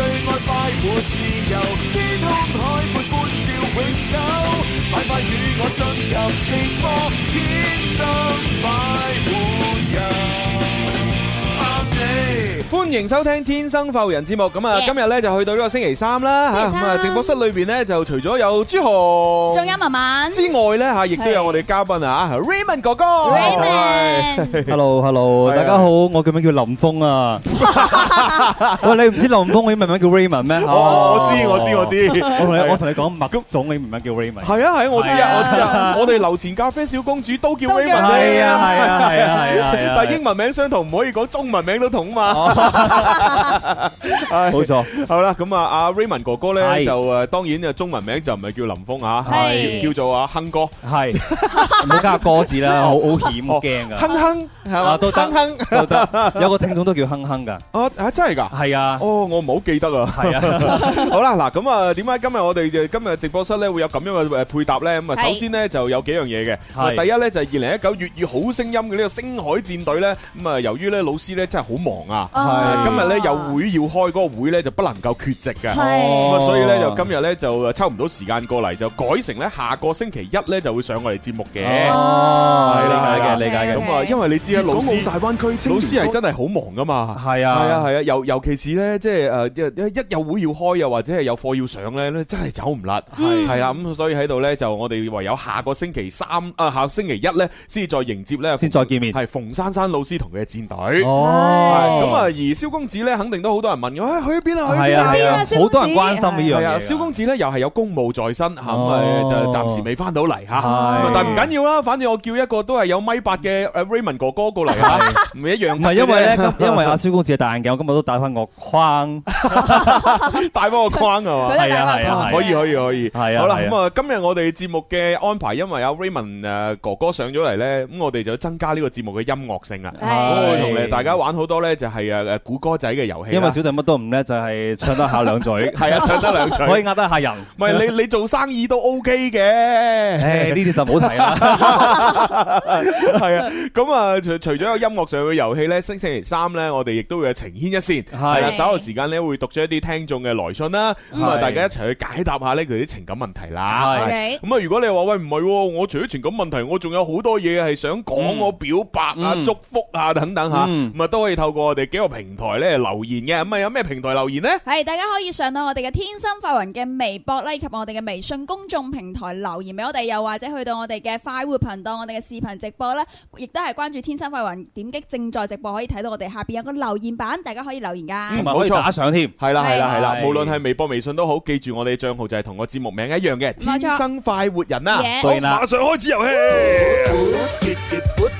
最愛快活自由，天空海闊歡笑永久，快快與我進入靜默天生快活。歡迎收聽《天生浮人》節目。咁啊，今日咧就去到呢個星期三啦吓。咁啊，直播室裏邊咧就除咗有朱豪，仲有文文之外咧，吓亦都有我哋嘉賓啊。Raymond 哥哥，Raymond，Hello，Hello，大家好，我嘅名叫林峰啊。喂，你唔知林峰英文名叫 Raymond 咩？哦，我知，我知，我知。我同我同你講，麥旭總英文名叫 Raymond。係啊係啊，我知啊我知啊。我哋樓前咖啡小公主都叫 Raymond。係啊係啊係啊係啊。但係英文名相同，唔可以講中文名都同啊嘛。冇錯，好啦，咁啊，阿 Raymond 哥哥咧就誒，當然就中文名就唔係叫林峰吓，係叫做阿亨哥，係冇加個哥字啦，好好險，好驚噶。亨亨係嘛，都得，亨亨都得，有個聽眾都叫亨亨噶。哦，啊真係噶，係啊，哦，我唔好記得啊。係啊，好啦，嗱，咁啊，點解今日我哋今日直播室咧會有咁樣嘅誒配搭咧？咁啊，首先咧就有幾樣嘢嘅。係，第一咧就係二零一九粵語好聲音嘅呢個星海戰隊咧，咁啊，由於咧老師咧真係好忙啊，係。今日咧有會要開，嗰個會咧就不能夠缺席㗎，咁啊，所以咧就今日咧就抽唔到時間過嚟，就改成咧下個星期一咧就會上我哋節目嘅。哦，係，理解嘅，理解嘅。咁啊，因為你知啊，老師，老師係真係好忙㗎嘛。係啊，係啊，係啊。尤尤其是咧，即係誒一一有會要開，又或者係有課要上咧，咧真係走唔甩。係係啊，咁所以喺度咧就我哋唯有下個星期三啊，下星期一咧先至再迎接咧，先再見面。係馮珊珊老師同佢嘅戰隊。哦，咁啊而。蕭公子咧，肯定都好多人問嘅，去邊啊？去邊啊？好多人關心呢樣嘢。蕭公子咧，又係有公務在身，咁咪就暫時未翻到嚟吓。但係唔緊要啦，反正我叫一個都係有米八嘅誒 Raymond 哥哥過嚟吓，唔一樣。唔係因為咧，因為阿蕭公子嘅大眼鏡，我今日都戴翻個框，戴翻個框㗎嘛？係啊係啊，可以可以可以。係啊。好啦，咁啊，今日我哋節目嘅安排，因為阿 Raymond 誒哥哥上咗嚟咧，咁我哋就增加呢個節目嘅音樂性啦，同你大家玩好多咧，就係誒誒。估歌仔嘅遊戲，因為小弟乜都唔叻，就係唱得下兩嘴，係啊，唱得兩嘴，可以呃得下人。唔係你你做生意都 OK 嘅，唉，呢啲就唔好提啦。係啊，咁啊，除除咗個音樂上嘅遊戲咧，星星期三咧，我哋亦都會情牽一線，係稍後時間咧會讀出一啲聽眾嘅來信啦。咁啊，大家一齊去解答下呢佢啲情感問題啦。係，咁啊，如果你話喂唔係，我除咗情感問題，我仲有好多嘢係想講，我表白啊、祝福啊等等嚇，咁啊都可以透過我哋幾個平平台咧留言嘅。咁啊有咩平台留言咧？係大家可以上到我哋嘅天生快活人嘅微博啦，以及我哋嘅微信公眾平台留言俾我哋，又或者去到我哋嘅快活頻道，我哋嘅視頻直播啦，亦都係關注天生快活人，點擊正在直播可以睇到我哋下邊有個留言板，大家可以留言噶。嗯，冇錯，打上添。係啦係啦係啦，無論係微博、微信都好，記住我哋嘅賬號就係同個節目名一樣嘅錯天生快活人啦、啊。Yeah, 對好，馬上開始遊戲。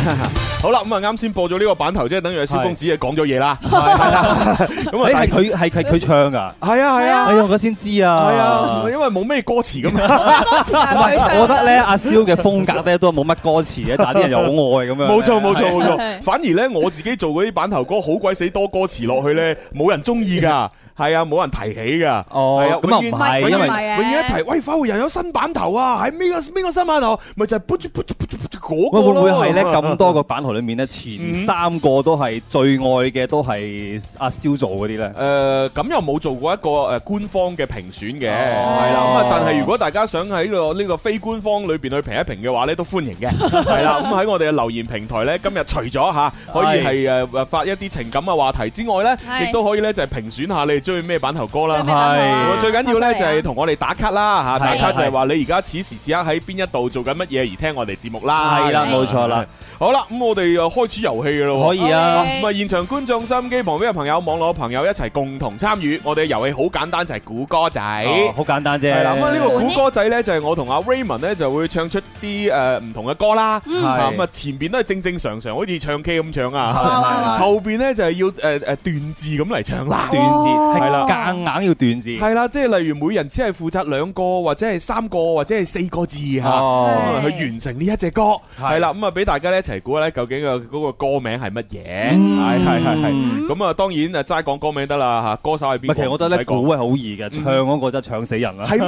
好啦，咁、嗯、啊，啱先播咗呢個版頭，即係等於阿蕭公子講咗嘢啦。係啦，咁啊，係佢係係佢唱噶，係啊係啊，哎呀，我先知啊，係啊，因為冇咩歌詞咁樣。佢佢 我覺得咧，阿蕭嘅風格咧都冇乜歌詞嘅，但係啲人又好愛咁樣。冇錯冇錯冇錯，反而咧我自己做嗰啲版頭歌，好鬼死多歌詞落去咧，冇人中意噶。 係啊，冇人提起噶。哦，咁啊唔係，因為永遠一提，喂，返回又有新版頭啊，喺咩個咩個新版頭？咪就係嗰個咯。會唔會係咧？咁多個版頭裏面咧，前三個都係最愛嘅，都係阿肖做嗰啲咧。誒，咁又冇做過一個誒官方嘅評選嘅，係啦。咁啊，但係如果大家想喺個呢個非官方裏邊去評一評嘅話咧，都歡迎嘅。係啦，咁喺我哋嘅留言平台咧，今日除咗嚇可以係誒發一啲情感嘅話題之外咧，亦都可以咧就係評選下你中意咩版頭歌啦，係最緊要咧就係同我哋打卡啦吓，打卡就係話你而家此時此刻喺邊一度做緊乜嘢而聽我哋節目啦，係啦，冇錯啦。好啦，咁我哋又開始遊戲嘅咯，可以啊。咁啊，現場觀眾、收音機旁邊嘅朋友，網絡朋友一齊共同參與，我哋嘅遊戲好簡單，就係估歌仔，好簡單啫。咁呢個估歌仔咧就係我同阿 Raymond 咧就會唱出啲誒唔同嘅歌啦。咁啊，前邊都係正正常常，好似唱 K 咁唱啊。後邊咧就係要誒誒斷字咁嚟唱啦，斷字。係啦，夾硬要斷字。係啦，即係例如每人只係負責兩個或者係三個或者係四個字嚇，去完成呢一隻歌。係啦，咁啊俾大家咧一齊估下咧，究竟個嗰個歌名係乜嘢？係係係係。咁啊當然啊齋講歌名得啦嚇，歌手係邊個？其實我覺得咧估係好易嘅，唱嗰個真係唱死人啦。係咩？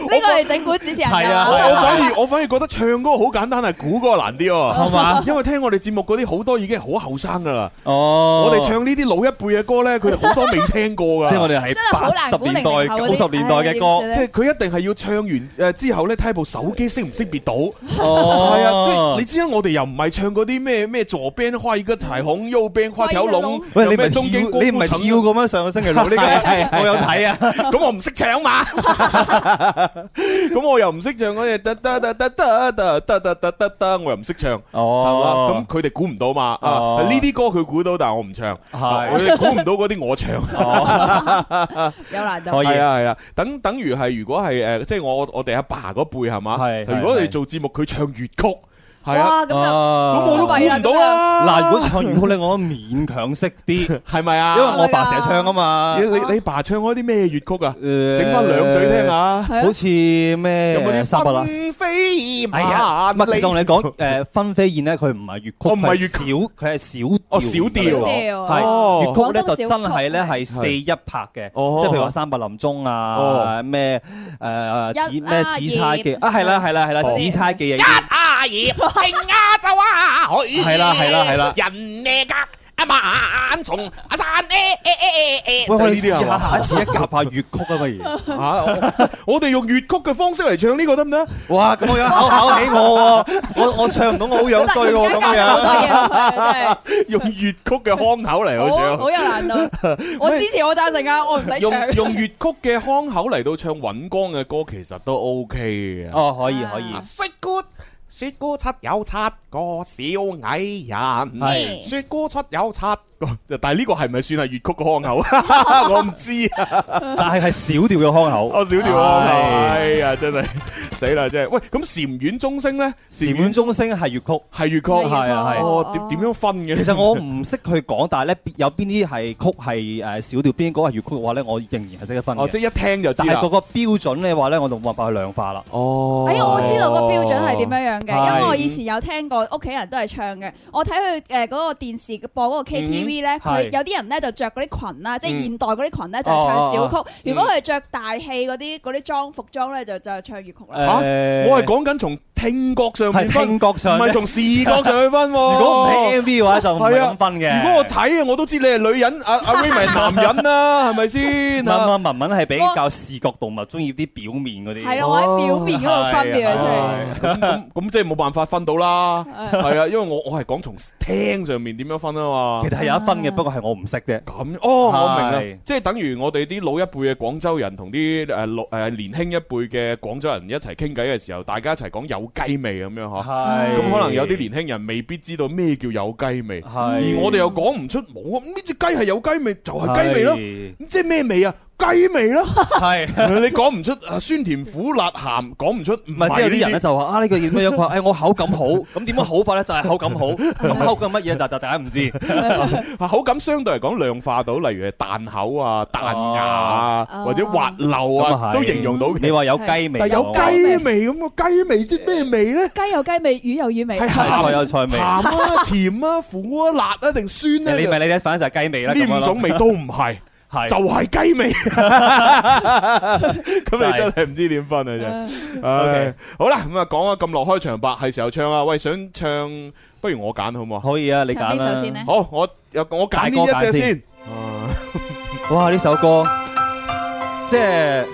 呢個係整蠱主持人。係啊，所以我反而覺得唱歌好簡單，係估個難啲喎，係嘛？因為聽我哋節目嗰啲好多已經係好後生噶啦。哦，我哋唱呢啲老一輩嘅。歌咧，佢好多未聽過噶，即係我哋係八十年代、九十年代嘅歌，即係佢一定係要唱完誒之後咧，睇部手機識唔識別到。係啊，即係你知啦，我哋又唔係唱嗰啲咩咩左邊跨吉他孔，右邊跨條龍，喂，你唔係你唔係跳咁樣？上個星期六呢個係我有睇啊，咁我唔識唱嘛，咁我又唔識唱嗰嘢，得得得得得得得得得得得，我又唔識唱，係嘛？咁佢哋估唔到嘛啊？呢啲歌佢估到，但係我唔唱，係佢哋估。到嗰啲我唱，哦， 有難度。 可以啊，係啊，係啊，等等於係、呃、是如果係誒即係我我哋阿爸嗰輩係嘛？如果你做節目，佢是唱粵曲。係啊，咁啊，我都估唔到啦。嗱，如果唱粵曲咧，我都勉強識啲，係咪啊？因為我爸成日唱啊嘛。你你爸唱嗰啲咩粵曲啊？誒，整翻兩句聽下。好似咩？有嗰啲《分飛燕》啊。唔係，我同你講，誒《分飛燕》咧，佢唔係粵曲，唔係粵小，佢係小調。哦，小調。係。粵曲咧就真係咧係四一拍嘅，即係譬如話《三百林鐘》啊，咩誒紫咩紫釵記啊，係啦係啦係啦，紫釵記嘅嘢。一啊二，係亞洲啊，佢係啦，係啦，係啦，人咧夾阿馬、阿松，阿山咧，喂，就呢啲啊，下一次一夾下粵曲啊，不如吓，我哋用粵曲嘅方式嚟唱呢個得唔得？哇，咁樣考考起我喎，我我唱唔到，我好樣衰嘅咁樣，用粵曲嘅腔口嚟唱，好有難度，我支持，我贊成啊，我唔使唱，用粵曲嘅腔口嚟到唱尹光嘅歌，其實都 OK 嘅，哦，可以可以。雪姑七有七個小矮人，係是雪姑七有七個，但係呢個係咪算係粵曲嘅腔口我唔知啊，但係係小調嘅腔口，哦小調啊，是哎呀，真係死啦，真係。喂，咁禪院鐘聲咧，禪院鐘聲係粵曲，係粵曲，係啊係。點點、啊哦、樣分嘅？其實我唔識去講，但係咧有邊啲係曲係誒小調，邊啲歌係粵曲嘅話咧，我仍然係識得分、哦、即係一聽就知。但係嗰個標準咧話咧，我就冇辦法去量化啦。哦，哎呀，我知道個標準係點樣樣。因為我以前有聽過，屋企人都係唱嘅。我睇佢誒嗰個電視播嗰個 KTV 咧，佢、嗯、有啲人咧就着嗰啲裙啦，嗯、即係現代嗰啲裙咧就唱小曲。哦哦哦，如果佢係著大氣嗰啲啲裝服裝咧，就就係唱粵曲啦。嚇、啊！我係講緊從聽覺上面分，唔係從視覺上去分。如果唔睇 M V 嘅話，就唔係咁分嘅。如果我睇啊，我都知你係女人，阿阿 Ray 係男人啦，係咪先？咁啊，文文係比較視覺動物，中意啲表面嗰啲。係啊，我喺表面嗰度分嘅。啊出咁即係冇辦法分到啦。係啊，因為我我係講從聽上面點樣分啊嘛。其實係有一分嘅，不過係我唔識啫。咁哦，我明即係等於我哋啲老一輩嘅廣州人同啲誒老年輕一輩嘅廣州人一齊傾偈嘅時候，大家一齊講有。雞味咁樣呵，咁是可能有啲年輕人未必知道咩叫有雞味，是而我哋又講唔出冇啊！呢隻雞係有雞味就係、是、雞味咯，你知咩味啊？雞味咯，係你講唔出酸甜苦辣鹹，講唔出唔係，即係有啲人咧就話啊呢個叫乜樣？話誒我口感好，咁點樣好法咧？就係口感好，咁口感乜嘢就就大家唔知。啊口感相對嚟講量化到，例如係彈口啊、彈牙啊，或者滑漏啊，都形容到。你話有雞味，有雞味咁個雞味即咩味咧？雞有雞味，魚有魚味，係菜有菜味，鹹啊、甜啊、苦啊、辣啊定酸啊？你咪你一反一晒雞味啦，呢五種味都唔係。係，就係雞味，咁你真係唔知點分啊！真係，好啦，咁啊講啊，咁落開場白係時候唱啦，喂，想唱不如我揀好唔好啊？可以啊，你揀啦，好，我我揀歌揀先，選歌選先。啊，哇，呢首歌即係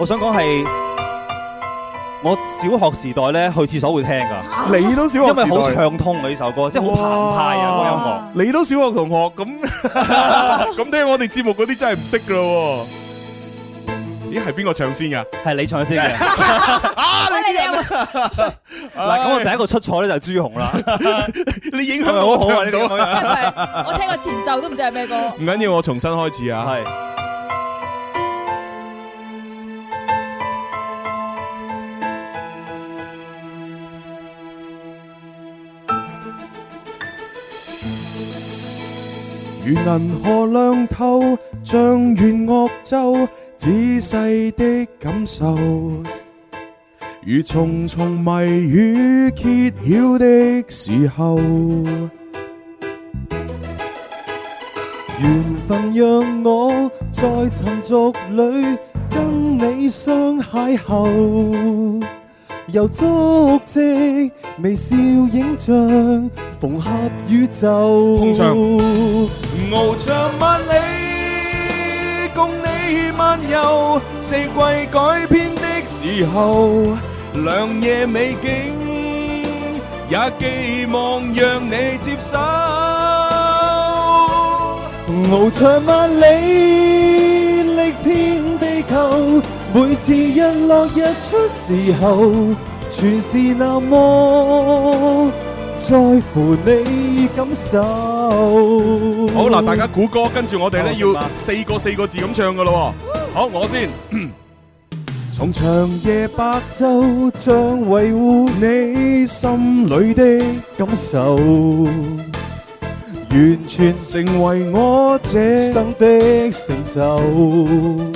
我想講係。我小學時代咧去廁所會聽噶，你都小學因為好暢通呢首歌，即係好澎湃啊！嗰音樂，你都小學同學咁，咁聽我哋節目嗰啲真係唔識噶咯？咦，係邊個唱先噶？係你唱先嘅啊！嗱，咁我第一個出錯咧就係朱紅啦，你影響我好耐嘅。我聽個前奏都唔知係咩歌。唔緊要，我重新開始啊。係。如銀河亮透，像弦樂奏，仔細的感受。如重重謎語揭曉的時候，緣分讓我在塵俗裏跟你相邂逅。由足跡微笑影像縫合宇宙，翱翔萬里共你漫遊，四季改變的時候，良夜美景也寄望讓你接手，翱翔萬里歷遍地球。每次日落日出時候，全是那麼在乎你感受。好嗱，大家估歌，跟住我哋咧要四個四個字咁唱噶咯。好，我先。 從長夜白晝，將維護你心裏的感受，完全成為我這生的成就。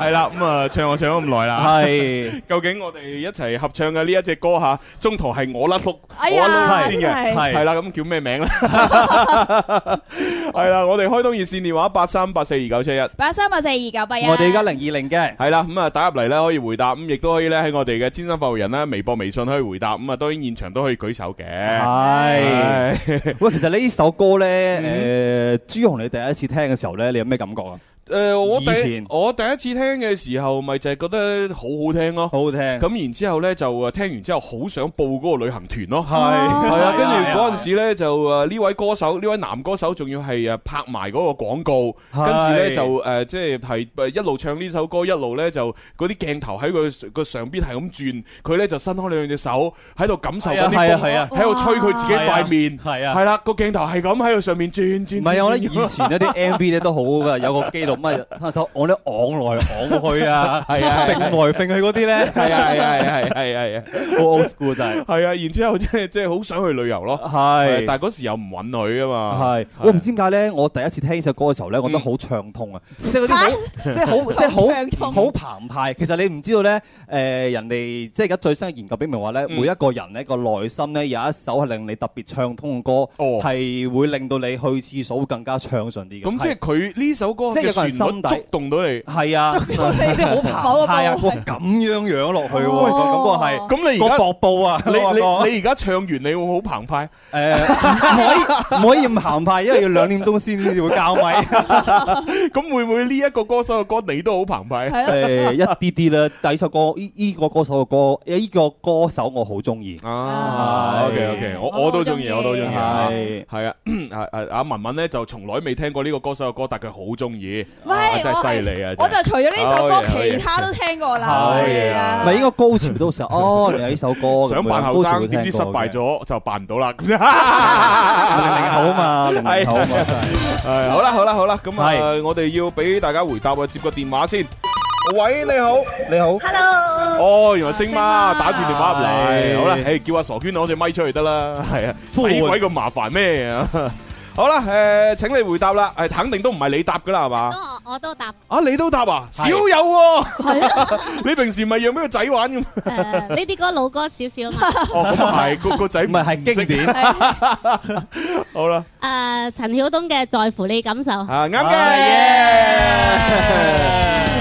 係啦，咁啊唱啊唱咗咁耐啦。係，究竟我哋一齊合唱嘅呢一隻歌吓，中途係我甩轆，我甩轆先嘅。係啦，咁叫咩名咧？係啦，我哋開通熱線電話八三八四二九七一，八三八四二九八一。我哋而家零二零嘅。係啦，咁啊打入嚟咧可以回答，咁亦都可以咧喺我哋嘅天生發育人啦、微博、微信可以回答，咁啊當然現場都可以舉手嘅。係。喂，其實呢首歌咧，誒，朱紅你第一次聽嘅時候咧，你有咩感覺啊？誒，我以前我第一次聽嘅時候，咪就係覺得好好聽咯，好好聽。咁然之後咧，就誒聽完之後好想報嗰個旅行團咯。係係啊，跟住嗰陣時咧就誒呢位歌手，呢位男歌手仲要係誒拍埋嗰個廣告，跟住咧就誒即係係一路唱呢首歌，一路咧就嗰啲鏡頭喺佢個上邊係咁轉，佢咧就伸開兩隻手喺度感受緊啲風，喺度吹佢自己塊面。係啊係啊，係啊。係啦，個鏡頭係咁喺度上面轉轉。唔係啊，我咧以前嗰啲 MV 咧都好噶，有個紀錄。咪伸手，我咧昂來昂去啊，係啊，揈來揈去嗰啲咧，係啊，係啊，係係係啊，好 old school 就係，係啊，然之後即係即係好想去旅遊咯，係，但係嗰時又唔揾女啊嘛，係，我唔知點解咧，我第一次聽呢首歌嘅時候咧，覺得好暢通啊，即係嗰啲好，即係好，即係好，好澎湃。其實你唔知道咧，誒人哋即係而家最新嘅研究表明話咧，每一個人咧個內心咧有一首係令你特別暢通嘅歌，係會令到你去廁所更加暢順啲嘅。咁即係佢呢首歌嘅。全部觸動到你，係啊，你得好跑啊，係啊，咁樣樣落去感覺係。咁你而家搏布啊？你你你而家唱完，你會好澎湃？誒，唔可以唔可以咁澎湃，因為要兩點鐘先至會交麥。咁會唔會呢一個歌手嘅歌你都好澎湃？係一啲啲啦。第二首歌呢呢個歌手嘅歌，呢個歌手我好中意。啊，OK OK，我我都中意，我都中意。係係啊，阿文文咧就從來未聽過呢個歌手嘅歌，但佢好中意。唔係，真係犀利啊，我就除咗呢首歌，其他都聽過啦。係啊，咪應該高潮都成哦，又有呢首歌。想扮後生，點知失敗咗就扮唔到啦。零零好嘛，零零好嘛。係，好啦，好啦，好啦。咁啊，我哋要俾大家回答，接個電話先。喂，你好，你好。Hello。哦，原來星媽打住電話入嚟。好啦，誒，叫阿傻娟攞隻咪出嚟得啦。係啊，死鬼咁麻煩咩啊？好啦，誒、呃，請你回答啦，誒，肯定都唔係你答噶啦，係嘛？我我都答。啊，你都答啊？少有喎，你平時咪讓俾個仔玩咁？誒、呃，呢啲歌老歌少少。哦，咁係個個仔唔係係經典。好啦。誒，陳曉東嘅在乎你感受。啊，啱嘅。Oh yeah! Yeah!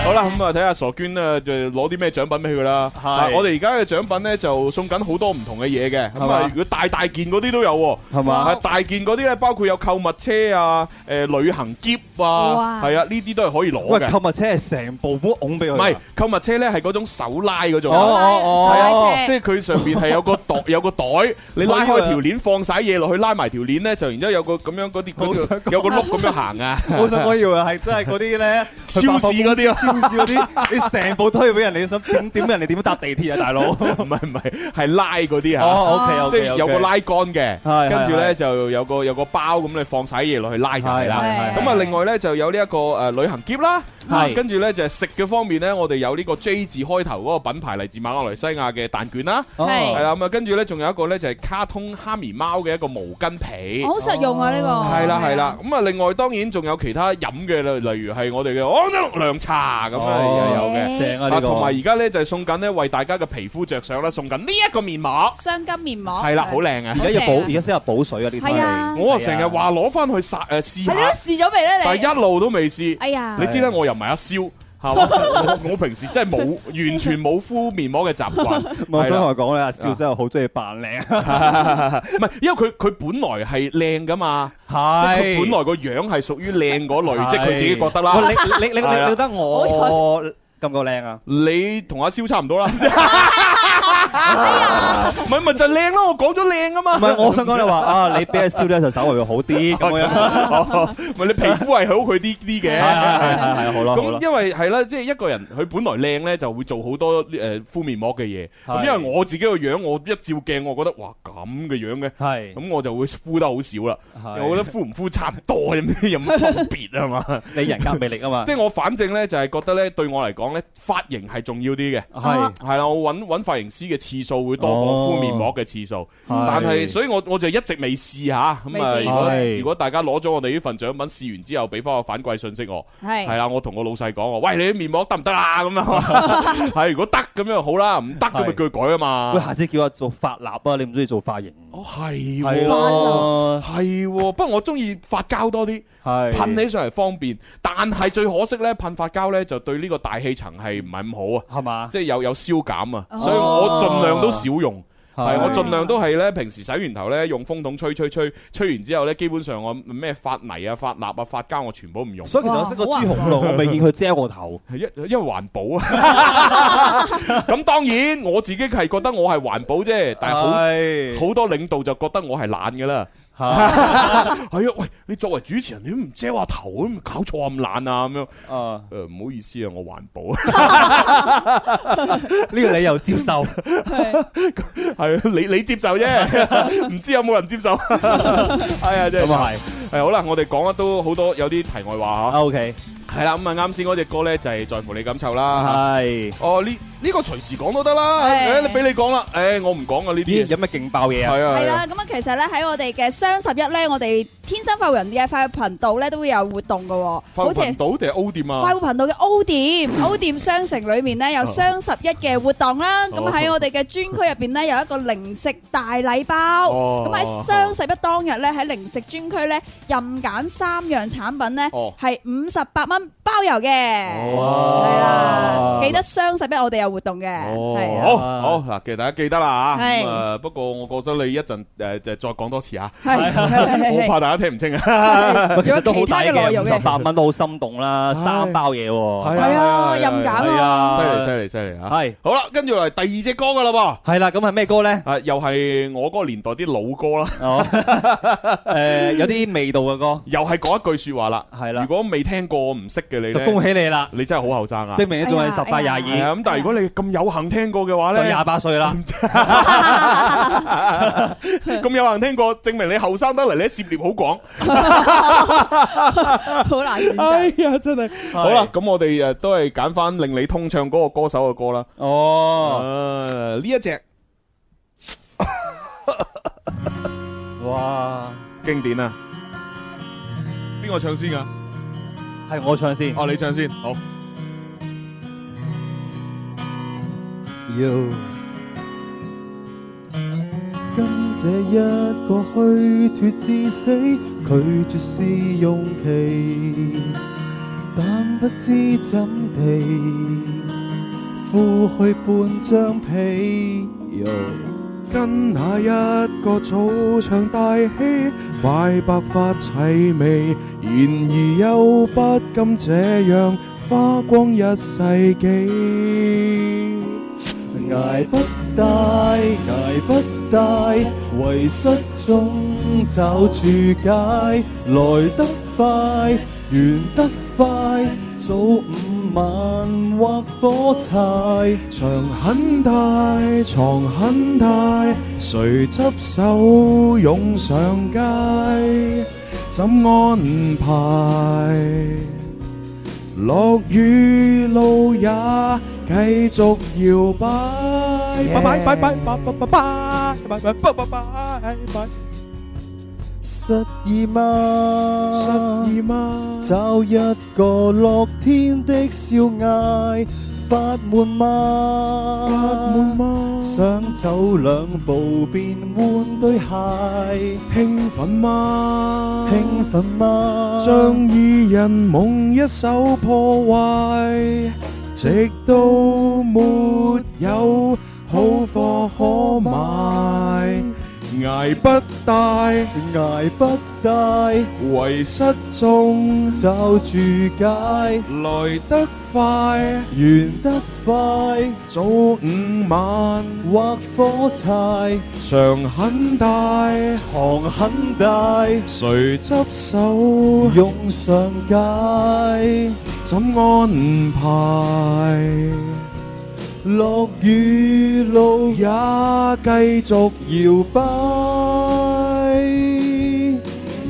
好啦，咁啊睇下傻娟啊，就攞啲咩獎品俾佢啦。係我哋而家嘅獎品咧，就送緊好多唔同嘅嘢嘅。咁啊，如果大大件嗰啲都有，係嘛？大件嗰啲咧，包括有購物車啊，誒，旅行篋啊，係啊，呢啲都係可以攞嘅。購物車係成部屋拱俾佢，唔係購物車咧，係嗰種手拉嗰種。哦哦哦，即係佢上邊係有個袋，有個袋，你拉開條鏈放晒嘢落去，拉埋條鏈咧就，然之後有個咁樣嗰啲，有個碌咁樣行啊。我想我以為係真係嗰啲咧，超市嗰啲啊。啲，你成部推去俾人，你想點點人哋點搭地鐵啊，大佬？唔係唔係，係拉嗰啲啊，哦、okay, okay, okay, 即係有個拉杆嘅，跟住咧就有個有個包咁，你放晒嘢落去，拉就係啦、嗯。咁啊、嗯，係係另外咧就有呢、呢、一個誒、呃、旅行喼啦。係，跟住咧就係食嘅方面咧，我哋有呢個 J 字開頭嗰個品牌嚟自馬來西亞嘅蛋卷啦。係，係啦。咁啊，跟住咧仲有一個咧就係卡通哈咪貓嘅一個毛巾皮，好實用啊！呢個係啦，係啦。咁啊，另外當然仲有其他飲嘅咧，例如係我哋嘅安涼茶咁樣，有嘅，正啊呢個。同埋而家咧就係送緊呢為大家嘅皮膚着想啦，送緊呢一個面膜，雙金面膜。係啦，好靚啊！而家要補，而家先有補水啊呢啲。我啊成日話攞翻去實誒試下。你試咗未咧？你？但一路都未試。哎呀！你知啦，我又～同埋阿肖，係 我我平時真係冇完全冇敷面膜嘅習慣。我想同講咧，你阿肖真係好中意扮靚，唔係，因為佢佢本來係靚噶嘛，係是，佢本來個樣係屬於靚嗰類，即係佢自己覺得啦。是你你你 你，你，你，你，你覺得我咁個靚啊？你同阿肖差唔多啦。 啊！唔係，咪就靚咯！我講咗靚啊嘛。唔係，我想講你話啊，你俾人燒咧就稍微會好啲咁樣。唔係你皮膚係好佢啲啲嘅。係係係係好咯。咁因為係啦，即係一個人佢本來靚咧，就會做好多誒敷面膜嘅嘢。咁因為我自己個樣，我一照鏡，我覺得哇咁嘅樣嘅。係咁，我就會敷得好少啦。我覺得敷唔敷差唔多，有咩有乜分別啊嘛？你人格魅力啊嘛。即係我反正咧，就係覺得咧，對我嚟講咧，髮型係重要啲嘅。係係啦，我搵搵髮型師嘅。次數會多過敷面膜嘅次數，哦、但係所以我我就一直未試下。咁啊試如果大家攞咗我哋呢份獎品試完之後，俾翻個反饋信息的我，係係啊，我同我老細講，我話，喂你啲面膜得唔得啊？咁啊，係如果得咁樣就好啦，唔得咁咪句改啊嘛。佢下次叫我做髮蠟啊？你唔中意做髮型？哦係係係，不過我中意髮膠多啲。係噴起上嚟方便，但係最可惜呢，噴髮膠呢就對呢個大氣層係唔係咁好啊，係嘛吧？即係有有消減啊，哦、所以我盡量都少用，係是的我盡量都係呢，平時洗完頭呢，用風筒吹吹吹，吹完之後呢，基本上我咩髮泥啊、髮蠟啊、髮膠我全部唔用。所以其實我識個朱紅龍，哦、我未見佢遮我頭，係 因為環環保啊。咁 當然我自己係覺得我係環保啫，但係好好、哎、 多領導就覺得我係懶噶啦。係啊， 喂！你作為主持人，你都唔遮話頭，都搞錯咁懶啊，咁樣啊，誒唔好意思啊，我環保呢個理由接受，係啊，你你接受啫，唔知有冇人接受？係啊，真係係好啦，我哋講得都好多，有啲題外話嚇。O K。係啦，咁啊啱先嗰隻歌咧，就係在乎你感受啦。係哦，呢呢個隨時講都得啦，你俾你講啦，誒，我唔講啊呢啲。有乜勁爆嘢啊？係啦，咁啊，其實咧喺我哋嘅雙十一咧，我哋天生快活人嘅快活頻道咧都會有活動噶。快活頻道定係 O 店啊？快活頻道嘅 O 店，O 店商城裏面咧有雙十一嘅活動啦。咁喺我哋嘅專區入邊咧有一個零食大禮包。咁喺雙十一當日咧喺零食專區咧任揀三樣產品咧係五十八蚊。包郵嘅，係啦，記得雙十一我哋有活動嘅，係好好嗱，其實大家記得啦吓，咁誒，不過我覺得你一陣誒，就再講多次吓，係我好怕大家聽唔清啊。其實都仲有好多內容嘅，十八蚊都好心動啦，三包嘢喎，係啊，任揀啊，犀利犀利犀利啊，係好啦，跟住落嚟第二隻歌噶啦噃，係啦，咁係咩歌咧？啊，又係我嗰個年代啲老歌啦，誒，有啲味道嘅歌，又係講一句說話啦，係啦，如果未聽過唔。識嘅，你，就恭喜你啦！你真係好後生啊，證明你仲係十八廿二。咁但係如果你咁有幸聽過嘅話咧，就廿八歲啦。咁有幸聽過，證明你後生得嚟，你涉獵好廣，好難。哎呀，真係。好啦，咁我哋誒都係揀翻令你通唱嗰個歌手嘅歌啦。哦，呢一隻，哇，經典啊！邊個唱先啊？係我唱先、啊、唱先，哦，你唱先，好。Yo. 跟這一個虛脱至死，拒絕試用期，但不知怎地敷去半張被。Yo. 跟那一個草場大戲，快白髮齊眉，然而又不甘這樣花光一世紀。捱不大，捱不大，遺失中找住解，來得快，圓得快，早漫畫火柴，場很大，牀很大，誰執手湧上街，怎安排？落雨路也繼續搖擺 Yeah.，拜拜拜拜拜拜拜拜，拜拜拜拜。失意嗎？失意嗎？找一個樂天的笑艾，發悶嗎？發悶嗎？想走兩步便換對鞋興奮嗎？興奮嗎？將二人夢一手破壞，直到沒有好貨可買。捱不大，捱不大，遺失中找住解，來得快，完得快，早午晚劃火柴，牆很大，床很大，誰執手擁上街，怎安排？落雨路也繼續搖擺，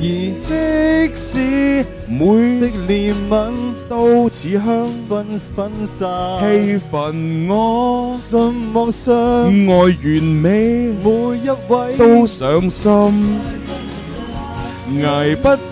而即使每滴念憫都似香薰分散氣氛我，我心望信愛完美每一位都傷心，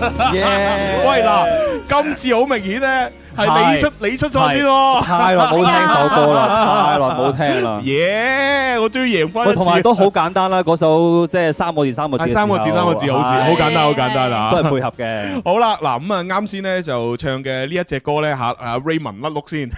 喂嗱，今次好明顯咧。係你出你出錯先咯，太耐冇聽首歌啦，太耐冇聽啦。耶！我終於贏翻啦！同埋都好簡單啦，嗰首即係三個字，三個字，三個字，三個字，好易，好簡單，好簡單啦。都係配合嘅。好啦，嗱咁啊，啱先咧就唱嘅呢一隻歌咧，嚇阿 Raymond 甩漏先？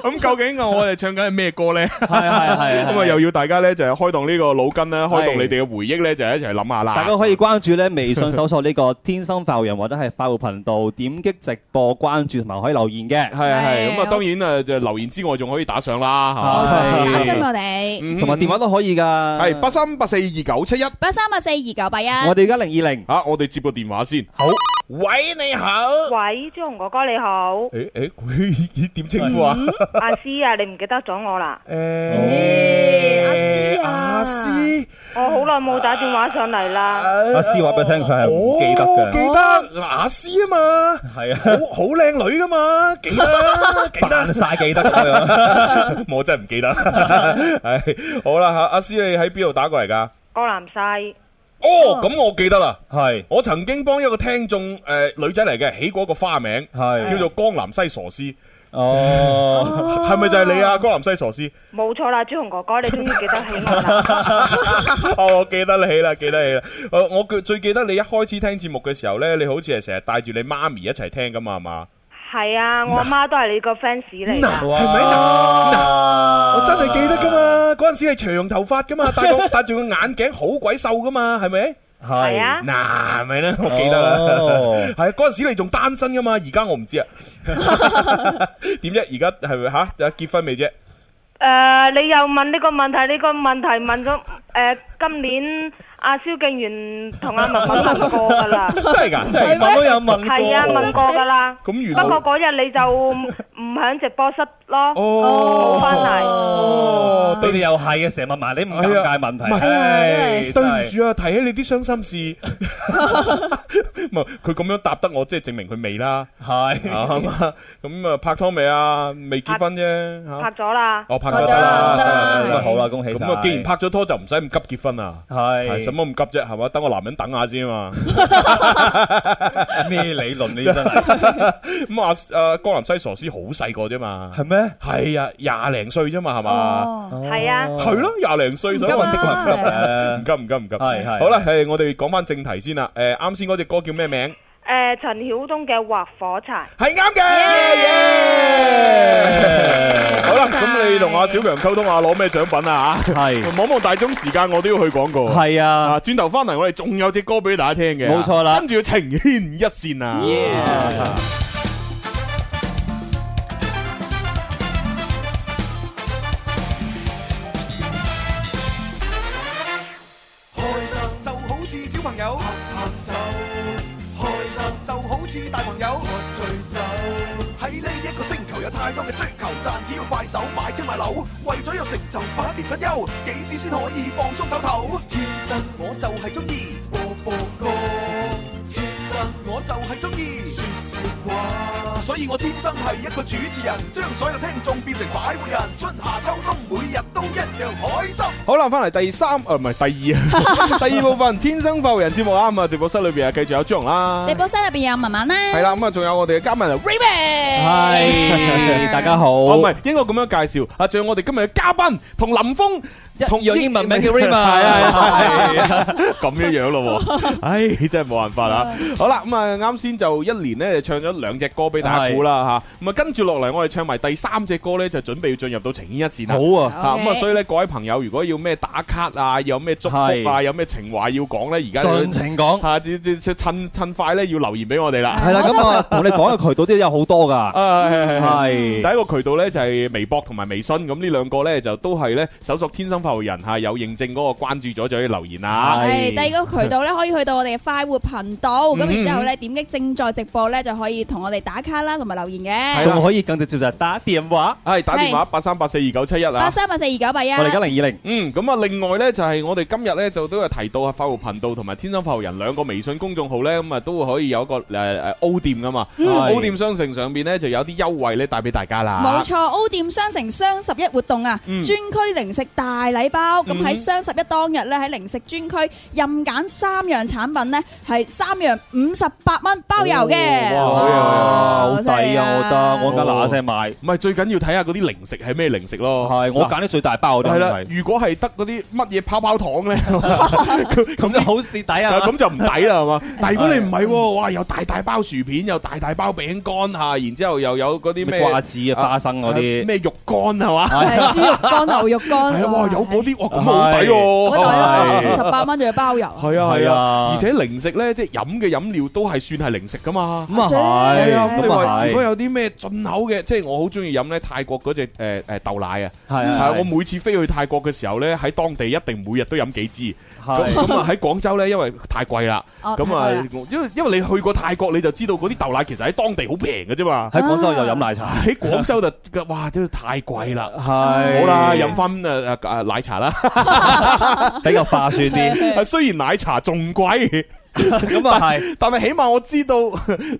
咁究竟我我哋唱緊係咩歌咧？係係係。咁啊又要大家咧就開動呢個腦筋咧，開動你哋嘅回憶咧，就一齊諗下啦。大家可以關注咧微信搜索呢個天生發佈人或者係發佈頻道，點擊直播。關注同埋可以留言嘅，係啊係，咁啊當然啊，就留言之外仲可以打上啦，係打上我哋，同埋電話都可以噶係八三八四二九七一，八三八四二九八一，我哋而家零二零吓，我哋接個電話先，好，喂，你好，喂，朱紅哥哥你好，誒誒，點稱呼啊？阿思啊，你唔記得咗我啦？誒，阿思阿思，我好耐冇打電話上嚟啦，阿思話俾你聽佢係唔記得嘅，記得，阿思啊嘛，係啊，好。靚女噶嘛，記得記得晒記得，我真係唔記得。唉，好啦吓，阿師你喺邊度打過嚟噶？江南西。哦，咁我記得啦，係我曾經幫一個聽眾誒女仔嚟嘅起過一個花名，係叫做江南西傻師。哦，係咪、oh, 就係你啊，江、那、南、個、西傻師？冇錯啦，朱紅哥哥，你終於記得起我啦、 哦！我記得起啦，記得你啦、呃。我最記得你一開始聽節目嘅時候呢，你好似係成日帶住你媽咪一齊聽噶嘛，係嘛？係啊，我阿媽都係你個 fans 嚟，係咪啊？我真係記得噶嘛，嗰陣時係長頭髮噶嘛，戴住戴住個眼鏡，好鬼瘦噶嘛，係咪？係啊，嗱、啊，咪咧，我記得啦，係啊、oh. 嗰陣時你仲單身噶嘛，而家我唔知啊，點 啫？而家係咪吓？而家結婚未啫？誒、呃，你又問呢個問題？呢、呢個問題問咗誒、 呃，今年。阿蕭敬源同阿文文問過噶啦，真係噶，真係問都有問過，係啊，問過噶啦。咁原來不過嗰日你就唔響直播室咯，哦，翻嚟，你哋又係啊，成日問埋你，唔尷尬問題，對唔住啊，提起你啲傷心事。唔係佢咁樣答得我，即係證明佢未啦。係啊嘛，咁啊拍拖未啊？未結婚啫。拍咗啦。哦，拍咗啦，咁啊好啦，恭喜。咁啊，既然拍咗拖，就唔使咁急結婚啦。係。我唔急啫，係嘛？等個男人等下先嘛。咩理論呢？真係咁啊！誒，江南西傻師好細個啫嘛，係咩？係啊，廿零歲啫嘛，係嘛？係啊，係咯，廿零歲。唔急唔急唔急，係係。好啦，係我哋講翻正題先啦。誒，啱先嗰隻歌叫咩名？誒，陳曉東嘅劃火柴係啱嘅，yeah! yeah! yeah! 好啦，咁你同阿小強溝通下攞咩獎品啊吓？係，望望大鐘時間，我都要去廣告。係啊，轉頭翻嚟，我哋仲有隻歌俾大家聽嘅，冇錯啦。跟住要情牽一線啊！知大朋友喝醉酒，喺呢一個星球有太多嘅追求，賺錢要快手，買車買樓，為咗有成就百年無憂，幾時先可以放鬆透透？天生我就係鍾意播放歌。波波我就係中意說笑話，所以我天生係一個主持人，將所有聽眾變成擺貨人。春夏秋冬，每日都一樣開心。好啦，翻嚟第三，唔係第二啊，第二部分《天生擺貨人》節目啱啊！直播室裏邊啊，繼續有張紅啦，直播室入邊有文文啦，係啦，咁啊，仲有我哋嘅嘉賓 Raymond，係大家好，唔係應該咁樣介紹啊！仲有我哋今日嘅嘉賓同林峰。同樣英文名叫 Rima，係呀，係呀，係呀，咁樣樣咯喎，唉真係冇辦法啦。好啦，咁啊啱先就一連咧就唱咗兩隻歌俾大家估啦吓，咁啊跟住落嚟我哋唱埋第三隻歌咧就準備要進入到情牽一線啦。好啊，咁啊所以咧各位朋友如果要咩打卡啊，有咩祝福啊，有咩情話要講咧，而家盡情講吓，即即趁趁快咧要留言俾我哋啦。係啦，咁啊我哋講嘅渠道都有好多噶，係係係。第一個渠道咧就係微博同埋微信，咁呢兩個咧就都係咧搜索天生。後人嚇有認證嗰個關注咗就可以留言啦。係第二個渠道咧，可以去到我哋快活頻道，咁然之後咧點擊正在直播咧，就可以同我哋打卡啦，同埋留言嘅。仲可以更直接就係打電話，係打電話八三八四二九七一啊，八三八四二九八一。我哋而家零二零。嗯，咁啊另外咧就係我哋今日咧就都有提到啊快活頻道同埋天生快活人兩個微信公眾號咧，咁啊都會可以有個誒誒 O 店噶嘛，O 店商城上邊咧就有啲優惠咧帶俾大家啦。冇錯，O 店商城雙十一活動啊，專區零食大禮包咁喺雙十一當日咧，喺零食專區任揀三樣產品咧，係三樣五十八蚊包郵嘅。哇，好抵啊！我覺得我覺得嗱嗱聲買。唔係最緊要睇下嗰啲零食係咩零食咯。係我揀啲最大包嗰啲。係啦，如果係得嗰啲乜嘢泡泡糖咧，咁就好蝕底啊。咁就唔抵啦，係嘛？但係如果你唔係，哇，又大大包薯片，又大大包餅乾吓，然之後又有嗰啲咩瓜子啊、花生嗰啲，咩肉乾係嘛？豬肉乾、牛肉乾。係哇有。嗰啲哇咁好抵喎，十八蚊仲要包郵。係啊係啊，而且零食咧，即係飲嘅飲料都係算係零食噶嘛。咁啊係，咁你話。如果有啲咩進口嘅，即係我好中意飲咧，泰國嗰隻誒誒豆奶啊，係啊。我每次飛去泰國嘅時候咧，喺當地一定每日都飲幾支。咁咁啊，喺廣州咧，因為太貴啦。咁啊，因為因為你去過泰國，你就知道嗰啲豆奶其實喺當地好平嘅啫嘛。喺廣州就飲奶茶，喺廣州就哇真係太貴啦。係。好啦，飲返啊啊奶。奶茶啦， 比較化算啲。 雖然奶茶仲貴。咁啊係，但係起碼我知道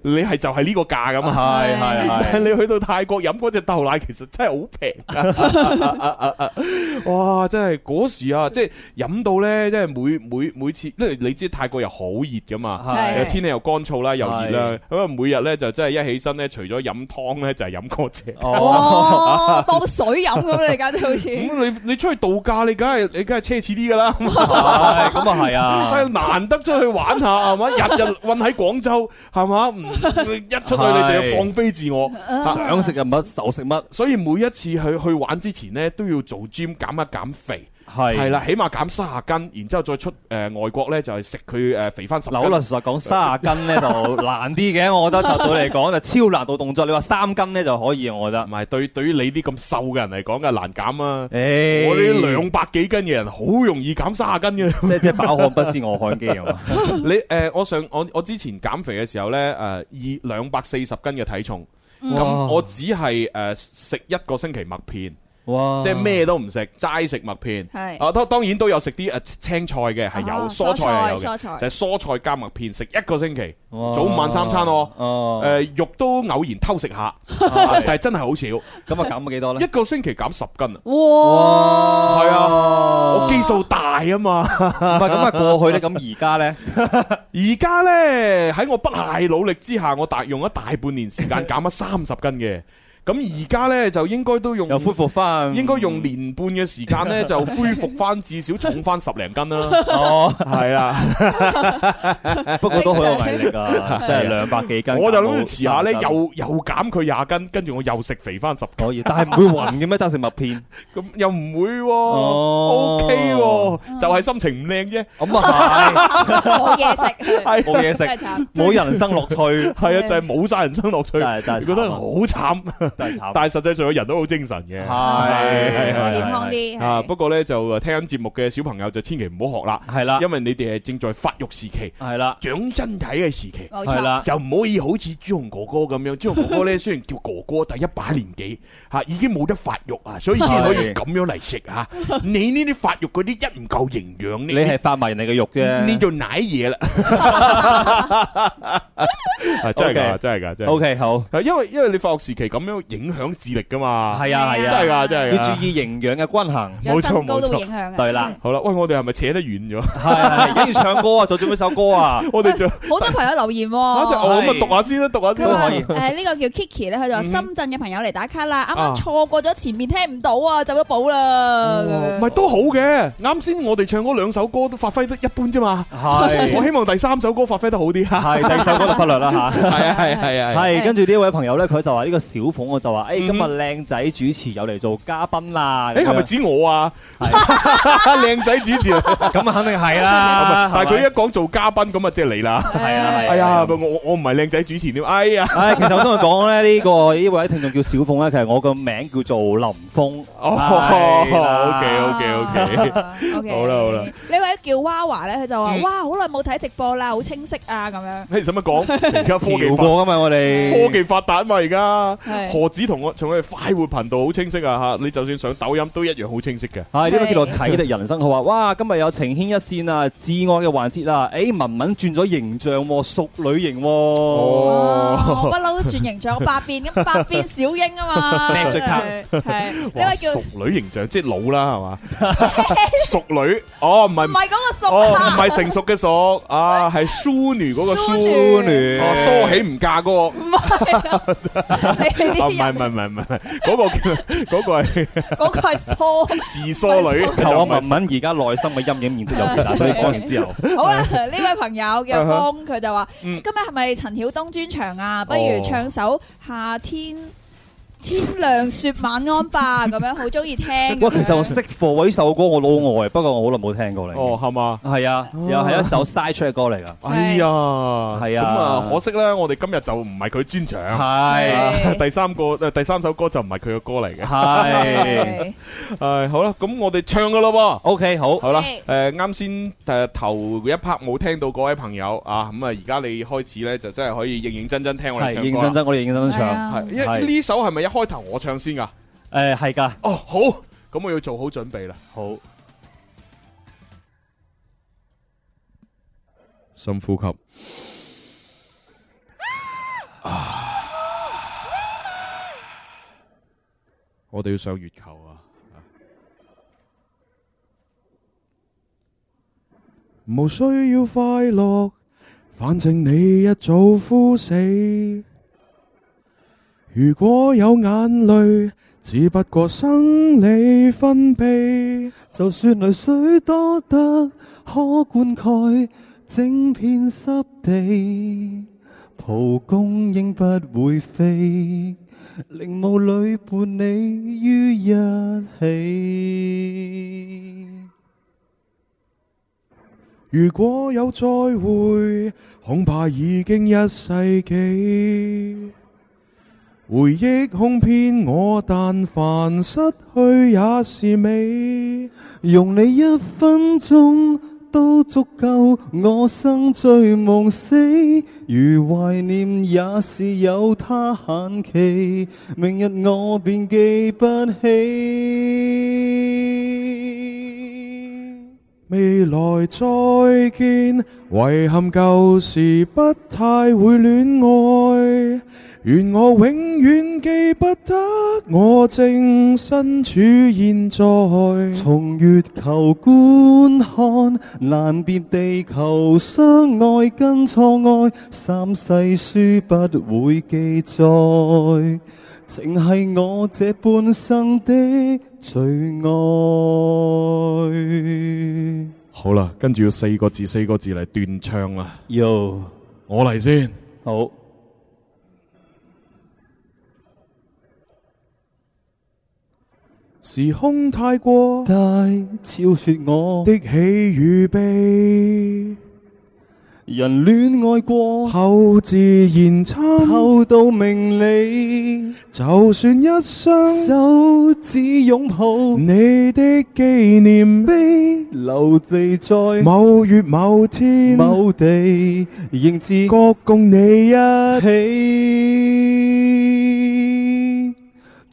你係就係呢個價，咁啊係係係，是你去到泰國飲嗰隻豆奶其實真係好平噶， 哇！真係嗰時啊，即係飲到咧，即係每每每次，因為你知泰國又好熱噶嘛，是又天氣又乾燥啦，又熱啦，咁啊，每日咧就真係一起身咧，除咗飲湯咧，就係飲嗰隻哦， 當水飲咁。你而家都好似咁，你你出去度假，你梗係你梗係奢侈啲噶啦，咁啊係啊， 難得出去玩。啊，係嘛？日日韞喺廣州，係嘛？ 唔一出去你就要放飛自我， 想食乜就食乜， 所以每一次去去玩之前咧，都要做 gym 減一減肥。係係啦，起碼減卅斤，然之後再出誒外國咧，就係食佢誒肥翻十。老實講卅斤咧就難啲嘅，我覺得對你嚟講就超難度動作。你話三斤咧就可以，我覺得。唔係對對於你啲咁瘦嘅人嚟講，噶難減啊！我啲兩百幾斤嘅人好容易減卅斤嘅。即係即係飽漢不知餓漢飢啊！你誒，我上我我之前減肥嘅時候咧，誒以兩百四十斤嘅體重，咁我只係誒食一個星期麥片。即係咩都唔食，齋食麥片。係啊，都當然都有食啲誒青菜嘅，係有蔬菜。係有嘅。就係蔬菜加麥片，食一個星期。早晚三餐。哦。誒，肉都偶然偷食下，但係真係好少。咁啊，減咗幾多呢？一個星期減十斤啊！哇！係啊，我基數大啊嘛。唔係咁啊，過去呢。咁而家呢？而家呢？喺我不懈努力之下，我大用咗大半年時間減咗三十斤嘅。咁而家咧，就應該都用，又恢復翻，應該用年半嘅時間咧，就恢復翻，至少重翻十零斤啦。哦，係啦，不過都好有毅力啊，即係兩百幾斤。我就諗住遲下咧，又又減佢廿斤，跟住我又食肥翻十個月。但係唔會暈嘅咩？揸食麥片，咁又唔會。哦，O K，喎，就係心情唔靚啫。咁啊，冇嘢食，冇嘢食，冇人生樂趣，係啊，就係冇晒人生樂趣，覺得好慘。但係，但係實際上個人都好精神嘅，係係係健康啲。啊，不過咧就聽緊節目嘅小朋友就千祈唔好學啦，係啦，因為你哋係正在發育時期，係啦，長身體嘅時期，係啦，就唔可以好似朱紅哥哥咁樣。朱紅哥哥咧雖然叫哥哥，但係一把年紀吓，已經冇得發育啊，所以先可以咁樣嚟食吓。你呢啲發育嗰啲一唔夠營養咧，你係發埋人哋嘅肉啫，你就奶嘢啦。啊，真係噶，真係噶，真係。O K 好，啊，因為因為你發育時期咁樣。影響智力噶嘛？係啊係啊，真係啊，真係要注意營養嘅均衡。有身高都會影響嘅。對啦，好啦，喂，我哋係咪扯得遠咗？係，而家要唱歌啊！做咗咩首歌啊？我哋做好多朋友留言喎。我哋我咪讀下先啦，讀下先都可以。誒，呢個叫 Kiki 咧，佢就話深圳嘅朋友嚟打卡啦，啱啱錯過咗前面聽唔到啊，就咁補啦。唔係都好嘅，啱先我哋唱嗰兩首歌都發揮得一般啫嘛。係，我希望第三首歌發揮得好啲嚇。係，第二首歌就忽略啦嚇。係啊係啊，跟住呢位朋友咧，佢就話呢個小鳳。我就話：誒，今日靚仔主持有嚟做嘉賓啦！誒，係咪指我啊？靚仔主持，咁啊肯定係啦。但係佢一講做嘉賓，咁啊即係嚟啦。係啊，係啊。哎呀，我我唔係靚仔主持添。哎呀，哎，其實我同佢講咧，呢個呢位聽眾叫小鳳咧，其實我個名叫做林峰。哦，OK，OK，OK，好啦，好啦。呢位叫哇華咧，佢就話：哇，好耐冇睇直播啦，好清晰啊，咁樣。誒，你使乜講？而家科技過噶嘛，我哋科技發達嘛，而家。何止同我上我哋快活頻道好清晰啊吓，你就算上抖音都一樣好清晰嘅。係呢個叫做啟迪人生。佢話哇，今日有情牽一線啊，摯愛嘅環節啦。誒，文文轉咗形象，淑女型。我不嬲都轉形象，我百變，咁百變小櫻啊嘛。係你話叫淑女形象，即係老啦係嘛？淑女哦，唔係唔係講個淑，唔係成熟嘅淑啊，係淑女嗰個淑女。梳起唔嫁嗰個。唔係唔係唔係唔係，嗰個叫嗰、那個係嗰個係自梳女， 求我問問而家內心嘅陰影，然 之後，所以講完之後，好啦，呢位朋友嘅風佢就話：uh huh. 今日係咪陳曉東專場啊？不如唱首夏天。Oh. 天亮說晚安吧，咁樣好中意聽嘅。哇，其實我識貨喎，呢首歌我老外，不過我好耐冇聽過啦。哦，係嘛？係啊，又係一首嘥出嘅歌嚟噶。哎呀，係啊。咁啊，可惜咧，我哋今日就唔係佢專場。係，第三個第三首歌就唔係佢嘅歌嚟嘅。係，誒，好啦，咁我哋唱噶咯。OK，好，好啦。誒，啱先誒頭一 part 冇聽到嗰位朋友啊，咁啊，而家你開始咧就真係可以認認真真聽我哋唱。認真真，我哋認真真唱。係，呢首係咪？一開頭我先唱先噶，誒係噶，哦、oh，好，咁我要做好準備啦，好，深呼吸，啊啊、我哋要上月球啊，無需要快樂，反正你一早枯死。如果有眼淚，只不過生理分泌； 就算淚水多得可灌溉整片濕地，蒲公英不會飛，陵墓裏伴你於一起。如果有再會，恐怕已經一世紀。回憶哄騙我，但凡失去也是美。用你一分鐘都足夠，我生醉夢死。如懷念也是有它限期，明日我便記不起。未來再見，遺憾舊時不太會戀愛。願我永遠記不得，我正身處現在。從月球觀看，難辨地球相愛跟錯愛。三世書不會記載，淨係我這半生的最愛。好啦，跟住要四個字四個字嚟斷唱啦！要喲我嚟先，好。時空太過大但，超脫我的喜與悲。與人戀愛過後，自然參透到名利。就算一雙手指擁抱你的紀念碑，留地在某月某天某地，仍自覺共你一起。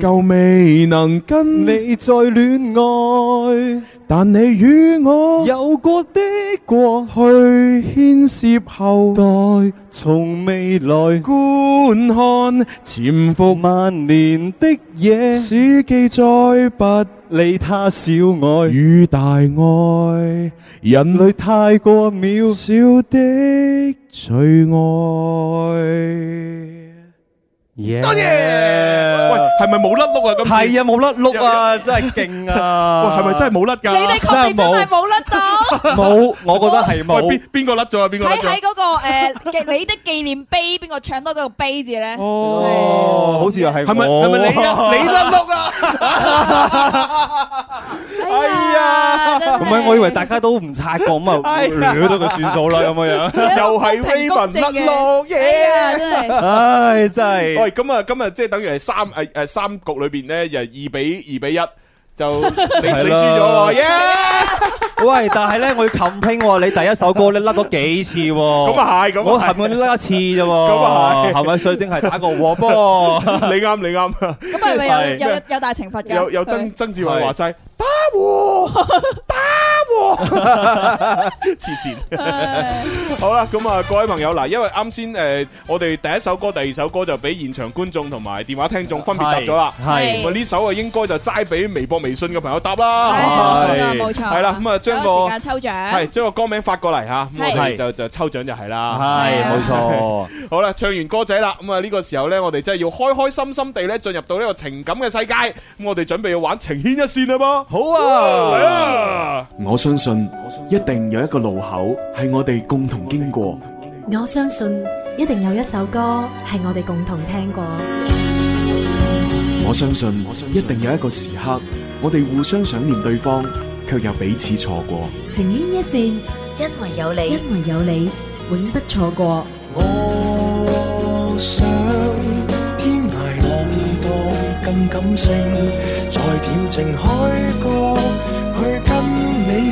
舊未能跟你再戀愛，但你與我有過的過去牽涉後代，從未來觀看潛伏覆萬年的野史記載，不理他小愛與大愛，人類太過渺小的最愛。多謝。Yeah. 喂，係咪冇甩碌啊？咁係啊，冇甩碌啊，真係勁啊！ 喂，係咪真係冇甩噶？你哋確定真係冇甩到？冇， 我覺得係冇。邊邊個甩咗啊？邊、邊個睇喺嗰個誒，你的紀念碑，邊個搶多嗰個碑字咧？哦，好似又係，係咪係咪你你甩碌啊？ 哎呀，咁樣我以為大家都唔察覺，咁啊捋都佢算數啦，咁樣樣，又係 Vivian 甩碌嘢啊！真係，唉、 哎，真係。 喂，咁啊，今日即係等於係三誒誒三局裏邊咧，又係二比二比一，就你你輸咗。喂，但係咧，我要琴聽喎，你第一首歌咧甩咗幾次？咁啊係，咁我冚過甩一次啫。咁啊係，冚阿瑞丁係打個和波，你啱你啱。咁係咪有有有大懲罰噶？有有曾曾志偉話齋打和打。哇！黐線，好啦，咁啊，各位朋友嗱，因為啱先誒，我哋第一首歌，第二首歌就俾現場觀眾同埋電話聽眾分別答咗啦，係，咁啊呢首啊應該就齋俾微博、微信嘅朋友答啦，係，冇錯，係啦，咁啊將個抽獎係將個歌名發過嚟吓，咁我哋就就抽獎就係啦，係，冇錯，好啦，唱完歌仔啦，咁啊呢個時候呢，我哋真係要開開心心地呢進入到呢個情感嘅世界，咁我哋準備要玩情牽一線啦噃，好啊，我。我相信一定有一個路口係我哋共同經過。我相信一定有一首歌係我哋共同聽過。我相信，我相信一定有一個時刻，我哋互相想念對方，卻又彼此錯過。情牽一線，因為有你，因為有你，永不錯過。我想天涯浪蕩更感性，在恬靜海角。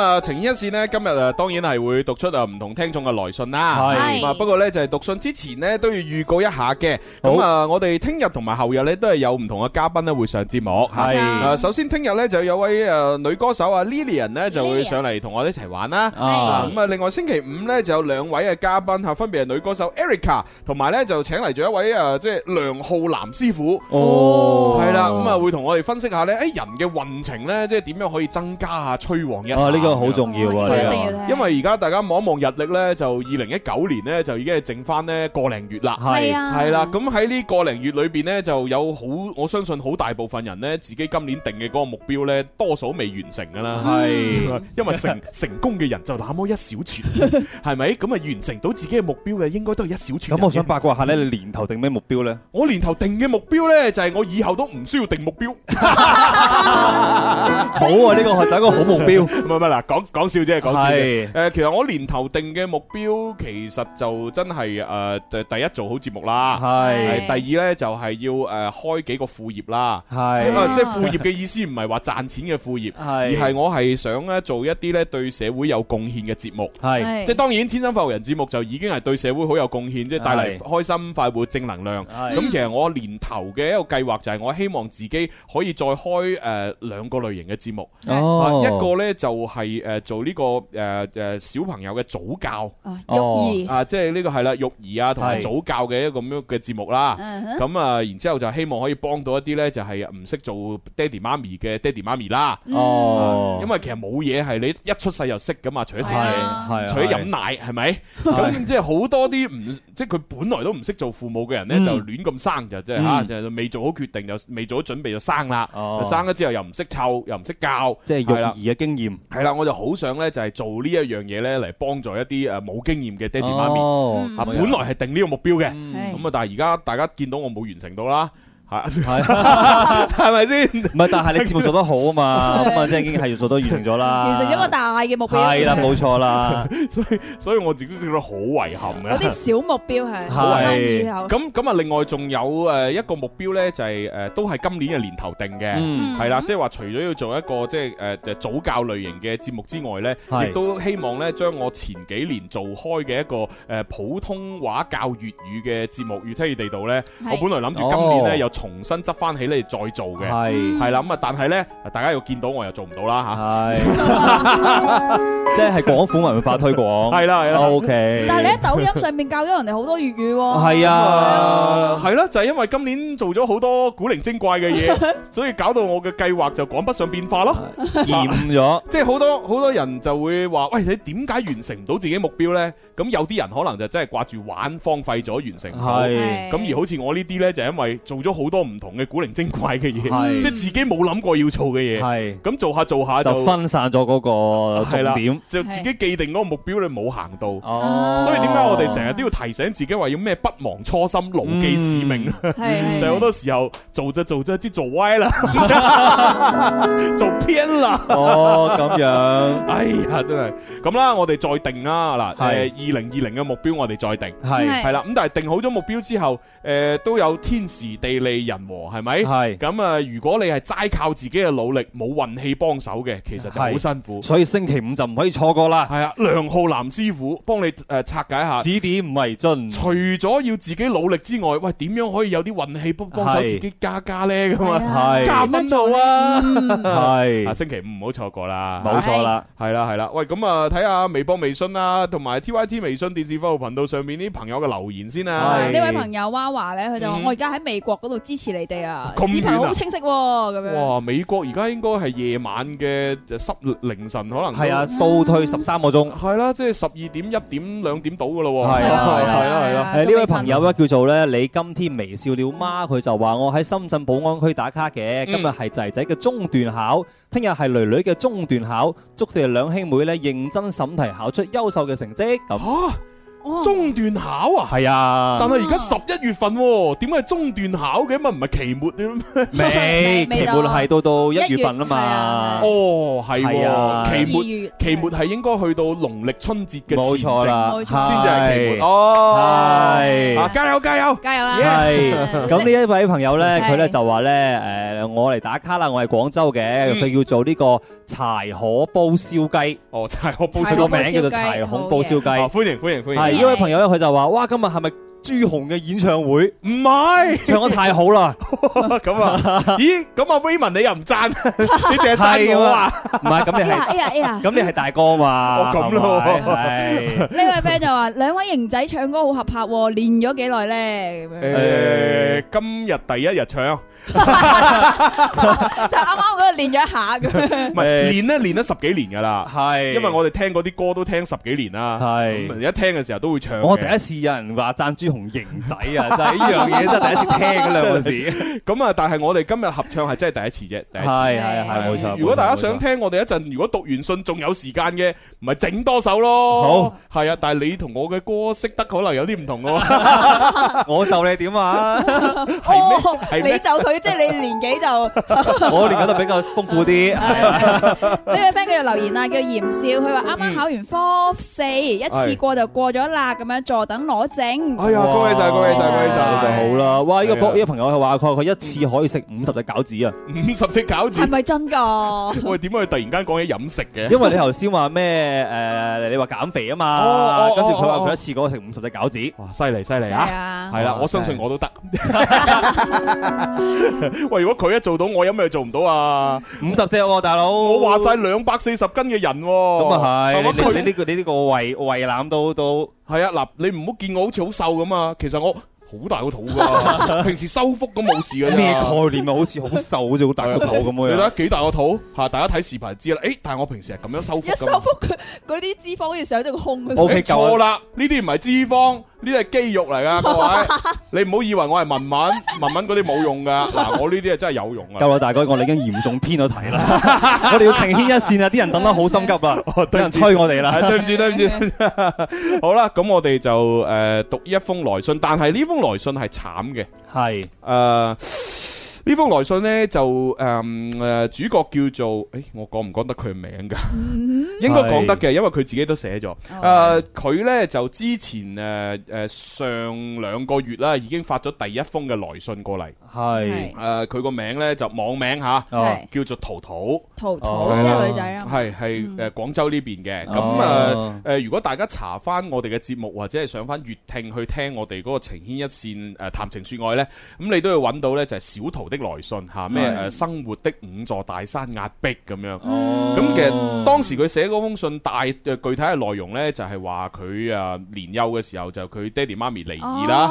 啊！情、嗯呃呃、一線呢，今日啊，當然係會讀出啊唔同聽眾嘅來信啦。係是，是不過咧就係讀信之前呢，都要預告一下嘅。咁啊，呃、好我哋聽日同埋後日咧都係有唔同嘅嘉賓咧會上節目。係是，誒、啊，首先聽日咧就有位誒女歌手啊 Lillian 咧就會上嚟同我哋一齊玩啦。咁、哦、啊，另外星期五咧就有兩位嘅嘉賓吓，分別係女歌手 Erica 同埋咧就請嚟咗一位誒即係梁浩南師傅。哦，係啦，咁啊會同我哋分析下咧，誒人嘅運程咧即係點樣可以增加吹黃下催旺一。呢個、哦。啊都好重要啊！因為而家大家望一望日曆咧，就二零一九年咧，就已經係剩翻呢個零月啦。係啊，係啦。咁喺呢個零月裏邊咧，就有好我相信好大部分人咧，自己今年定嘅嗰個目標咧，多數都未完成噶啦。係，因為成成功嘅人就那麼一小撮，係咪？咁啊，完成到自己嘅目標嘅，應該都係一小撮。咁我想八卦下咧，你年頭定咩目標咧？我年頭定嘅目標咧，就係我以後都唔需要定目標。好啊，呢個就係一個好目標。乜乜嗱？講講笑啫，講笑嘅。誒，其實我年頭定嘅目標，其實就真係誒，第一做好節目啦。係。第二呢就係要誒開幾個副業啦。係。即係副業嘅意思唔係話賺錢嘅副業，而係我係想呢做一啲呢對社會有貢獻嘅節目。係。即係當然，天生快活人節目就已經係對社會好有貢獻，即係帶嚟開心快活正能量。係。咁其實我年頭嘅一個計劃就係我希望自己可以再開誒兩個類型嘅節目。哦。一個呢就係。而、呃、做呢、這個誒誒、呃呃、小朋友嘅早教，育兒、呃這個、兒啊，即係呢個係啦，育兒啊同埋早教嘅一個咁樣嘅節目啦。咁啊是、呃，然之後就希望可以幫到一啲咧，就係唔識做爹哋媽咪嘅爹哋媽咪啦。哦、呃，因為其實冇嘢係你一出世就識噶嘛，除咗食嘢，啊、除咗飲奶係咪？咁即係好多啲唔。即係佢本來都唔識做父母嘅人呢，嗯、就亂咁生、嗯啊、就，即係吓就未做好決定，就未做好準備就生啦。哦、生咗之後又唔識湊，又唔識教，即係育兒嘅經驗。係啦，我就好想就呢，就係做呢一樣嘢呢，嚟幫助一啲誒冇經驗嘅爹哋媽咪。哦，嗯、本來係定呢個目標嘅，咁啊，但係而家大家見到我冇完成到啦。係係，係咪先？唔係，但係你節目做得好啊嘛，咁啊，即係已經係做到完成咗啦。完成一個大嘅目標。係啦，冇錯啦。所以所以我自己都覺得好遺憾嘅。嗰啲小目標係好難完成。咁咁啊，另外仲有誒一個目標咧，就係誒都係今年嘅年頭定嘅，係啦，即係話除咗要做一個即係誒誒早教類型嘅節目之外咧，亦都希望咧將我前幾年做開嘅一個誒普通話教粵語嘅節目《粵聽粵地道》咧，我本來諗住今年咧又。重新執翻起咧，再做嘅係係啦，咁啊，但係咧，大家要見到我又做唔到啦嚇，即係廣府文化推廣係啦係啦，OK。但係你喺抖音上面教咗人哋好多粵語喎，係啊，係啦，就係因為今年做咗好多古靈精怪嘅嘢，所以搞到我嘅計劃就趕不上變化咯，厭咗。即係好多好多人就會話，喂，你點解完成唔到自己目標咧？咁有啲人可能就真係掛住玩，荒廢咗完成。係咁而好似我呢啲咧，就因為做咗好多唔同嘅古靈精怪嘅嘢，即係自己冇諗過要做嘅嘢。係咁做下做下就分散咗嗰個重點，就自己既定嗰個目標你冇行到。哦，所以點解我哋成日都要提醒自己話要咩不忘初心，牢記使命？就係好多時候做就做咗知，做歪啦，做偏啦。哦，咁樣，哎呀，真係咁啦，我哋再定啦嗱，係二零二零嘅目標，我哋再定係係啦。咁但係定好咗目標之後，誒都有天時地利。人和係咪？係咁啊！如果你係齋靠自己嘅努力，冇運氣幫手嘅，其實就好辛苦。所以星期五就唔可以錯過啦。係啊，梁浩南師傅幫你誒拆解下，指點迷津。除咗要自己努力之外，喂，點樣可以有啲運氣幫幫手自己加加咧？咁啊，係咁做啊！係啊，星期五唔好錯過啦。冇錯啦，係啦係啦。喂，咁啊，睇下微博、微信啊，同埋 T Y T 微信電視服務號頻道上面啲朋友嘅留言先啊。呢位朋友話話咧，佢就話我而家喺美國嗰度。支持你哋啊！視頻好清晰喎，咁樣。哇，美國而家應該係夜晚嘅就十凌晨，可能係啊倒退十三個鐘，係啦，即係十二點一點兩點到㗎咯喎。係啊係啊係啊！呢位朋友咧叫做咧，你今天微笑了嗎？佢就話我喺深圳寶安區打卡嘅，今日係仔仔嘅中段考，聽日係囡囡嘅中段考，祝佢哋兩兄妹咧認真審題，考出優秀嘅成績咁。中段考啊！係啊，但係而家十一月份，點解中段考嘅？咁唔係期末添？未，期末係到到一月份啊嘛。哦，係，期末期末係應該去到農曆春節嘅前程，冇錯啦，先至係期末。哦，係，加油加油加油啦！係咁呢一位朋友咧，佢咧就話咧，誒，我嚟打卡啦，我係廣州嘅，佢叫做呢個柴可煲燒雞。哦，柴可煲燒雞，佢個名叫做柴可煲燒雞。歡迎歡迎歡迎。呢位朋友咧，佢就話：哇，今日係咪朱紅嘅演唱會？唔係是，唱得太好啦。咁 啊？咦，咁阿 Raymond 你又唔贊？ 你只贊我 啊？唔係，咁你係、哎哎、大哥嘛？咁咯。呢 位 friend 就話：兩位型仔唱歌好合拍，練咗幾耐咧？誒、欸，欸、今日第一日唱。就啱啱嗰度練咗一下咁，唔係練咧，練咗十幾年噶啦，係，因為我哋聽嗰啲歌都聽十幾年啦，係，一聽嘅時候都會唱。我第一次有人話讚朱紅型仔啊，就係呢樣嘢，真係第一次聽嘅兩件事。咁啊，但係我哋今日合唱係真係第一次啫，第一次，係係係冇錯。如果大家想聽我哋一陣，如果讀完信仲有時間嘅，唔係整多首咯。好，係啊，但係你同我嘅歌識得可能有啲唔同嘅，我就你點啊？係你就。即係你年紀就，我年紀就比較豐富啲。呢個 friend 佢又留言啦，叫嚴少，佢話啱啱考完科四，一次過就過咗啦，咁樣坐等攞證。哎呀，恭喜晒，恭喜晒，恭喜晒！就好啦，哇，呢個呢個朋友佢話佢佢一次可以食五十隻餃子啊，五十隻餃子係咪真噶？喂，點解突然間講起飲食嘅？因為你頭先話咩？誒，你話減肥啊嘛，跟住佢話佢一次過食五十隻餃子，哇，犀利犀利啊！係啦，我相信我都得。喂，如果佢一做到，我有咩做唔到啊？五十隻喎，大佬。我話晒兩百四十斤嘅人，咁啊係。你你你呢個你呢個胃胃腩都都係啊嗱，你唔好見我好似好瘦咁啊，其實我好大個肚噶。平時收腹都冇事嘅咩概念啊？好似好瘦，好似好大個肚咁樣。你睇幾大個肚吓？大家睇視頻知啦。誒，但係我平時係咁樣收腹。一收腹，佢嗰啲脂肪好似上咗個胸咁。O K，夠啦，呢啲唔係脂肪。呢啲係肌肉嚟噶，各位，你唔好以為我係文文文文嗰啲冇用噶。嗱，我呢啲係真係有用啊！夠啦，大哥，我哋已經嚴重偏咗題啦，我哋要晴牽一線啊！啲人等得好心急啊，俾人催我哋啦。對唔住，對唔住。好啦，咁我哋就誒讀一封來信，但係呢封來信係慘嘅。係誒。呢封來信呢，就誒誒、嗯、主角叫做誒、哎、我講唔講得佢名噶？應該講得嘅，因為佢自己都寫咗。誒佢、oh 呃、呢，就之前誒誒、呃、上兩個月啦，已經發咗第一封嘅來信過嚟。係誒佢個名呢，就網名吓，啊 uh. 叫做陶陶。陶陶即係女仔啊？係係誒廣州呢邊嘅。咁誒誒如果大家查翻我哋嘅節目或者係上翻粵聽去聽我哋嗰個情牽一線誒談、呃、情說愛呢，咁、嗯、你都要揾到呢，就係小陶。的來信嚇咩誒生活的五座大山壓迫咁樣，咁其實當時佢寫嗰封信大嘅具體嘅內容咧就係話佢啊年幼嘅時候就佢爹哋媽咪離異啦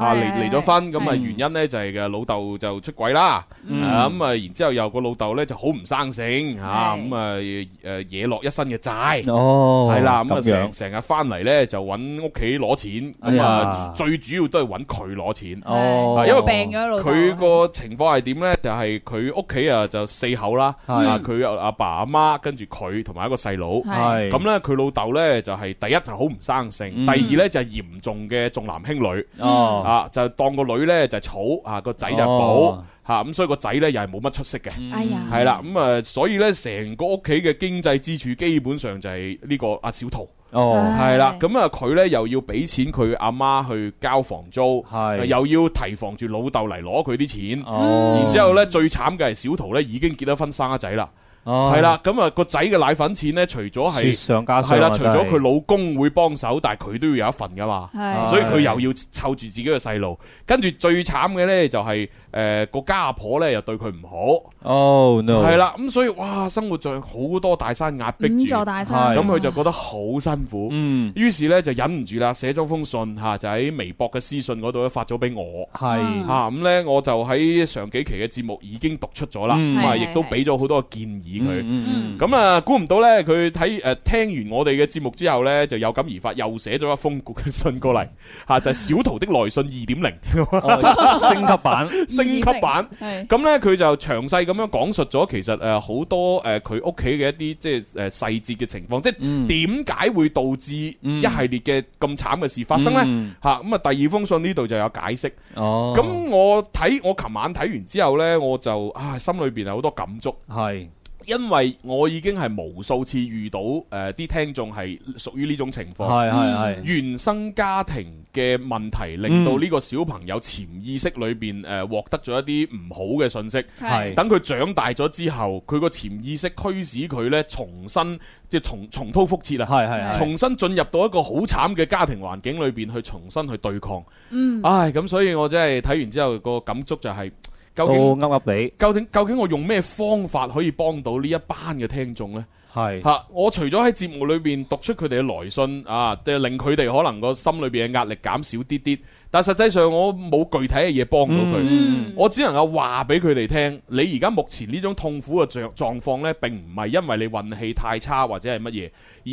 嚇離離咗婚，咁啊原因咧就係佢老豆就出軌啦，咁啊然之後有個老豆咧就好唔生性嚇，咁啊誒惹落一身嘅債哦，係啦咁啊成成日翻嚟咧就揾屋企攞錢，咁啊最主要都係揾佢攞錢哦，因為病咗佢個情。情況係點呢？就係佢屋企啊，就四口啦。是啊，佢有阿爸阿媽，跟住佢同埋一個細佬。係咁是呢，佢老豆呢，就係、是、第一就好唔生性，嗯、第二呢，就係嚴重嘅重男輕女。嗯、啊就當個女呢，就草，啊個仔就寶。吓咁、哦啊嗯，所以個仔呢，又係冇乜出息嘅。哎呀，係啦，咁啊，所以呢，成個屋企嘅經濟支柱基本上就係呢個阿小桃。哦，係啦、oh.，咁啊，佢呢又要俾錢佢阿媽去交房租，的又要提防住老豆嚟攞佢啲錢，oh. 然之後呢最慘嘅係小陶呢已經結咗婚生咗仔啦，係啦、oh.，咁啊個仔嘅奶粉錢呢，除咗係，係啦，除咗佢老公會幫手，但係佢都要有一份噶嘛，的所以佢又要湊住自己嘅細路，跟住最慘嘅呢就係、是。誒，個、呃、家婆咧又對佢唔好，係、oh, no. 啦，咁、嗯、所以哇，生活在好多大山壓逼住，五座大山，咁佢就覺得好辛苦，於是咧、嗯、就忍唔住啦，寫咗封信吓、啊，就喺微博嘅私信嗰度咧發咗俾我，係是，吓咁咧我就喺上幾期嘅節目已經讀出咗啦，咁、嗯嗯、啊，亦都俾咗好多建議佢，咁啊，估唔到咧佢睇誒聽完我哋嘅節目之後咧，就有感而發，又寫咗一封信過嚟，吓、啊、就係、是、小陶的來信二點零升級版。升級版，咁呢，佢就詳細咁樣講述咗，其實誒好多誒佢屋企嘅一啲、嗯、即係誒細節嘅情況，即係點解會導致一系列嘅咁慘嘅事發生呢？吓咁啊，第二封信呢度就有解釋。哦、咁、我睇我琴晚睇完之後呢，我就啊心裏邊有好多感觸。係。因為我已經係無數次遇到誒啲、呃、聽眾係屬於呢種情況，係是、嗯、原生家庭嘅問題，嗯、令到呢個小朋友潛意識裏邊誒獲得咗一啲唔好嘅信息，係是是 等佢長大咗之後，佢個潛意識驅使佢呢，重新即係重重蹈覆轍啊，是是是重新進入到一個好慘嘅家庭環境裏邊去重新去對抗，嗯唉，唉咁所以我真係睇完之後、那個感觸就係、是。究竟究竟我用咩方法可以幫到呢一班嘅聽眾呢？係吓是，我除咗喺節目裏邊讀出佢哋嘅來信啊，即令佢哋可能個心裏邊嘅壓力減少啲啲。但實際上我冇具體嘅嘢幫到佢，嗯，我只能夠話俾佢哋聽，你而家目前呢種痛苦嘅狀狀況呢，並唔係因為你運氣太差或者係乜嘢，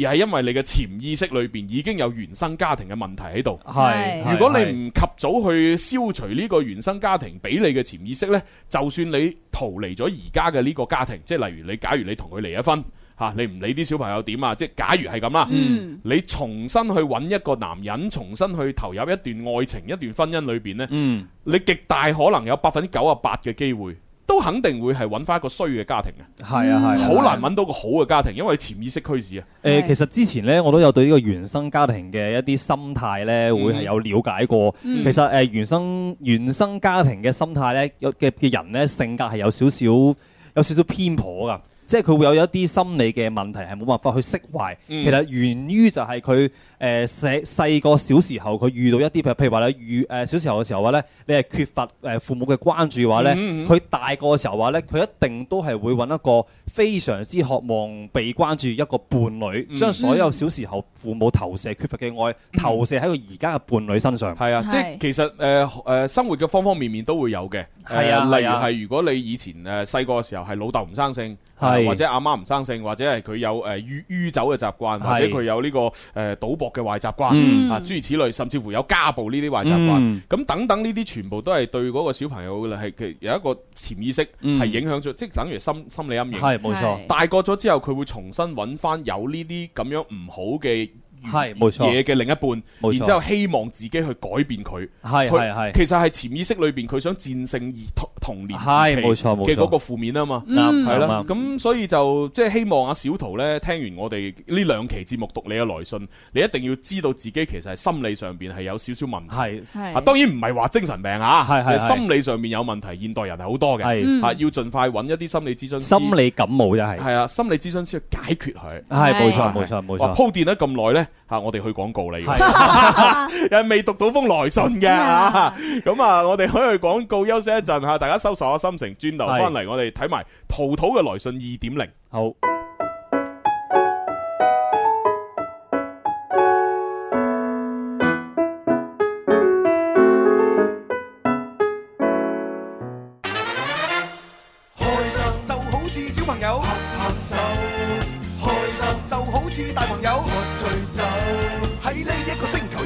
而係因為你嘅潛意識裏邊已經有原生家庭嘅問題喺度。係，如果你唔及早去消除呢個原生家庭俾你嘅潛意識呢，就算你逃離咗而家嘅呢個家庭，即係例如你，假如你同佢離咗婚。嚇、啊！你唔理啲小朋友點啊？即係假如係咁啦，嗯、你重新去揾一個男人，重新去投入一段愛情、一段婚姻裏邊咧，嗯、你極大可能有百分之九十八嘅機會，都肯定會係揾翻一個衰嘅家庭嘅。係啊係，好難揾到個好嘅家庭，因為潛意識驅使啊。誒、嗯，嗯、其實之前呢，我都有對呢個原生家庭嘅一啲心態呢會係有了解過。嗯嗯、其實誒，原生原生家庭嘅心態呢，有嘅嘅人呢，性格係有少少有少少偏頗㗎。即係佢會有一啲心理嘅問題係冇辦法去釋懷，其實源於就係佢。誒、呃、細細個小時候佢遇到一啲譬如，譬如話你遇誒、呃、小時候嘅時候話咧，你係缺乏誒父母嘅關注嘅話咧，佢、嗯嗯嗯、大個嘅時候話咧，佢一定都係會搵一個非常之渴望被關注一個伴侶，將、嗯嗯、所有小時候父母投射缺乏嘅愛投射喺佢而家嘅伴侶身上。係啊，即係其實誒誒生活嘅方方面面都會有嘅。係、呃、啊，例如係如果你以前誒細個嘅時候係老豆唔生性，係或者阿媽唔生性，或者係佢有誒酗酒嘅習慣，或者佢有呢、呃呃呃呃、個誒賭博。嘅壞習慣啊，諸、嗯、如此類，甚至乎有家暴呢啲壞習慣，咁、嗯、等等呢啲全部都係對嗰個小朋友啦，係有一個潛意識係影響咗，嗯、即等於心心理陰影係冇錯。是大個咗之後，佢會重新揾翻有呢啲咁樣唔好嘅，係冇錯嘢嘅另一半，然之後希望自己去改變佢，係係係，其實係潛意識裏邊佢想戰勝而童年時期嘅嗰個負面啊嘛，係啦，咁所以就即係希望阿小陶咧，聽完我哋呢兩期節目讀你嘅來信，你一定要知道自己其實係心理上邊係有少少問題，係係啊，當然唔係話精神病啊，係係心理上邊有問題，現代人係好多嘅，吓要盡快揾一啲心理諮詢，心理感冒就係，係啊，心理諮詢師去解決佢，係冇錯冇錯冇錯，鋪墊得咁耐咧。吓、啊，我哋去廣告嚟，又係未讀到封來信嘅咁 啊，啊，我哋可去廣告休息一陣吓、啊，大家收拾下心情轉頭翻嚟，我哋睇埋陶陶嘅來信二點零。好。開心就好似小朋友拍下手，開心就，就好似大朋友。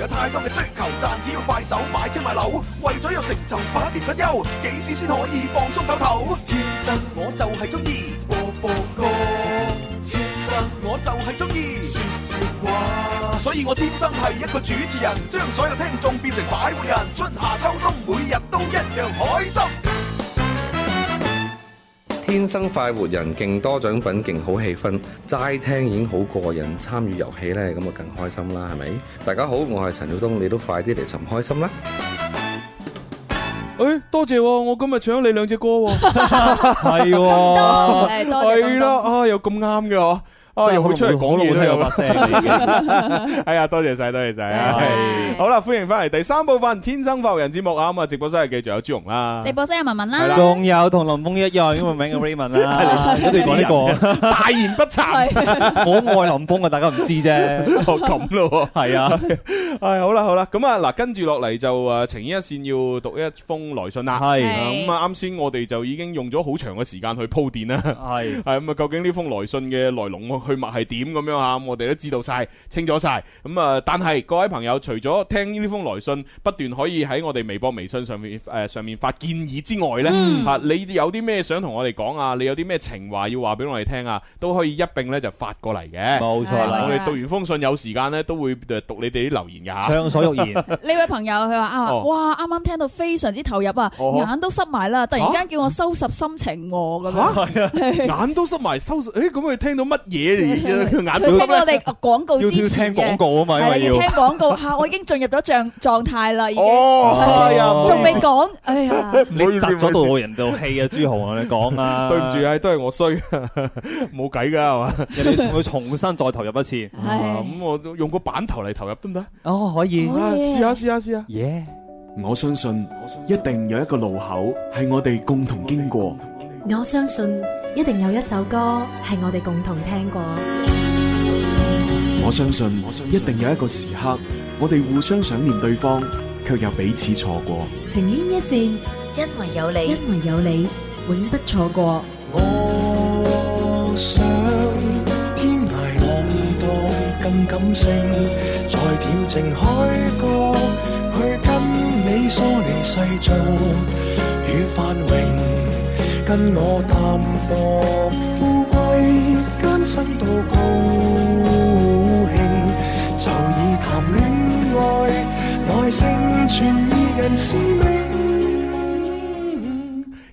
有太多嘅追求，賺錢要快手買車買樓，為咗有成就百年不休，幾時先可以放鬆唞唞？天生我就係中意播播歌，天生我就係中意說笑話，所以我天生係一個主持人，將所有聽眾變成百萬人，春夏秋冬每日都一樣開心。天生快活人，勁多獎品，勁好氣氛，齋聽已經好過癮，參與遊戲咧咁啊更開心啦，係咪？大家好，我係陳曉東，你都快啲嚟尋開心啦！誒、哎，多謝，我今日搶咗你兩隻歌，係，係啦，啊，有咁啱嘅我又好出嚟講咯，都有把聲。係啊，多謝晒，多謝晒。係好啦，歡迎翻嚟第三部分《天生凡人》節目啊。咁啊，直播室係繼續有朱紅啦，直播室有文文啦，仲有同林峰一樣英文名嘅 Raymond 啦。我哋講呢個大言不慚，我愛林峰啊，大家唔知啫。哦，咁咯，係啊。唉，好啦，好啦，咁啊嗱，跟住落嚟就啊，情意一線要讀一封來信啊。係咁啊，啱先我哋就已經用咗好長嘅時間去鋪墊啦。係係咁啊，究竟呢封來信嘅來龍去脈係點咁樣吓，我哋都知道晒，清楚晒。咁啊，但係各位朋友，除咗聽呢封來信，不斷可以喺我哋微博、微信上面誒上面發建議之外咧，吓你有啲咩想同我哋講啊？你有啲咩情話要話俾我哋聽啊？都可以一併咧就發過嚟嘅。冇錯啦，我哋讀完封信有時間咧，都會讀你哋啲留言嘅吓。暢所欲言。呢位朋友佢話啊，哇，啱啱聽到非常之投入啊，哦、眼都濕埋啦。突然間叫我收拾心情，吓、啊，眼都濕埋，收拾。誒、欸，咁佢聽到乜嘢？佢聽我哋廣告支持嘅，係要聽廣告吓，我已經進入咗狀狀態啦，已經。哦，仲未講，哎呀，你砸咗到我人道氣啊！朱紅，你講啊，對唔住啊，都係我衰，冇計噶係嘛，人哋仲要重新再投入一次。係咁，我用個板頭嚟投入得唔得？哦，可以，試下試下試下。耶！我相信一定有一個路口係我哋共同經過。我相信一定有一首歌係我哋共同聽過。我相信一定有一個時刻，我哋互相想念對方，卻又彼此錯過。情牽一綫，因為有你，因為有你，永不錯過。我想天涯浪蕩更感性，在恬靜海角去跟你疏離世俗與繁榮。跟我淡薄富貴，艱辛都高興，就以談戀愛，來成全二人使命。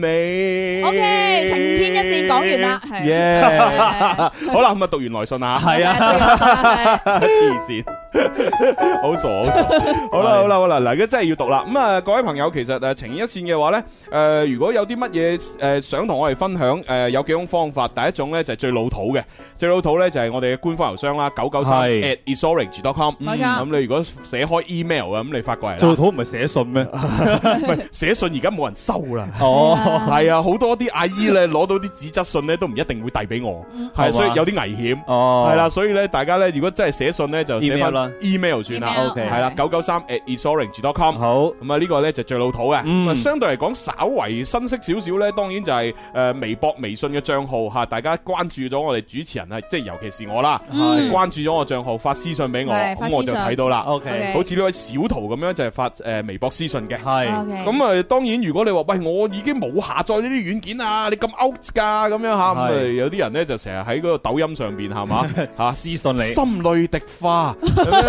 未，OK，晴天一事講完啦，係，好啦，咁啊讀完來信啦，係啊，字節。好傻，好傻！好啦，好啦，好啦，嗱，而家真係要讀啦。咁啊，各位朋友，其實誒，情義一線嘅話咧，誒，如果有啲乜嘢誒，想同我哋分享，誒，有幾種方法。第一種咧就係最老土嘅，最老土咧就係我哋嘅官方郵箱啦，九九三 athistoric.com。冇錯。咁你如果寫開 email 啊，咁你發過嚟。最好唔係寫信咩？唔係寫信，而家冇人收啦。哦，係啊，好多啲阿姨咧攞到啲紙質信咧，都唔一定會遞俾我，係所以有啲危險。哦，係啦，所以咧，大家咧，如果真係寫信咧，就寫翻。email 算啦，OK，係啦，九九三 atisorange.com，好，咁啊呢個咧就最老土嘅，相對嚟講稍為新式少少咧，當然就係誒微博、微信嘅賬號吓，大家關注咗我哋主持人啊，即係尤其是我啦，關注咗我賬號，發私信俾我，咁我就睇到啦。OK，好似呢位小陶咁樣，就係發誒微博私信嘅，係，咁啊當然如果你話喂我已經冇下載呢啲軟件啊，你咁 out 噶咁樣吓，咁有啲人咧就成日喺嗰個抖音上邊係嘛吓私信你，心淚滴花。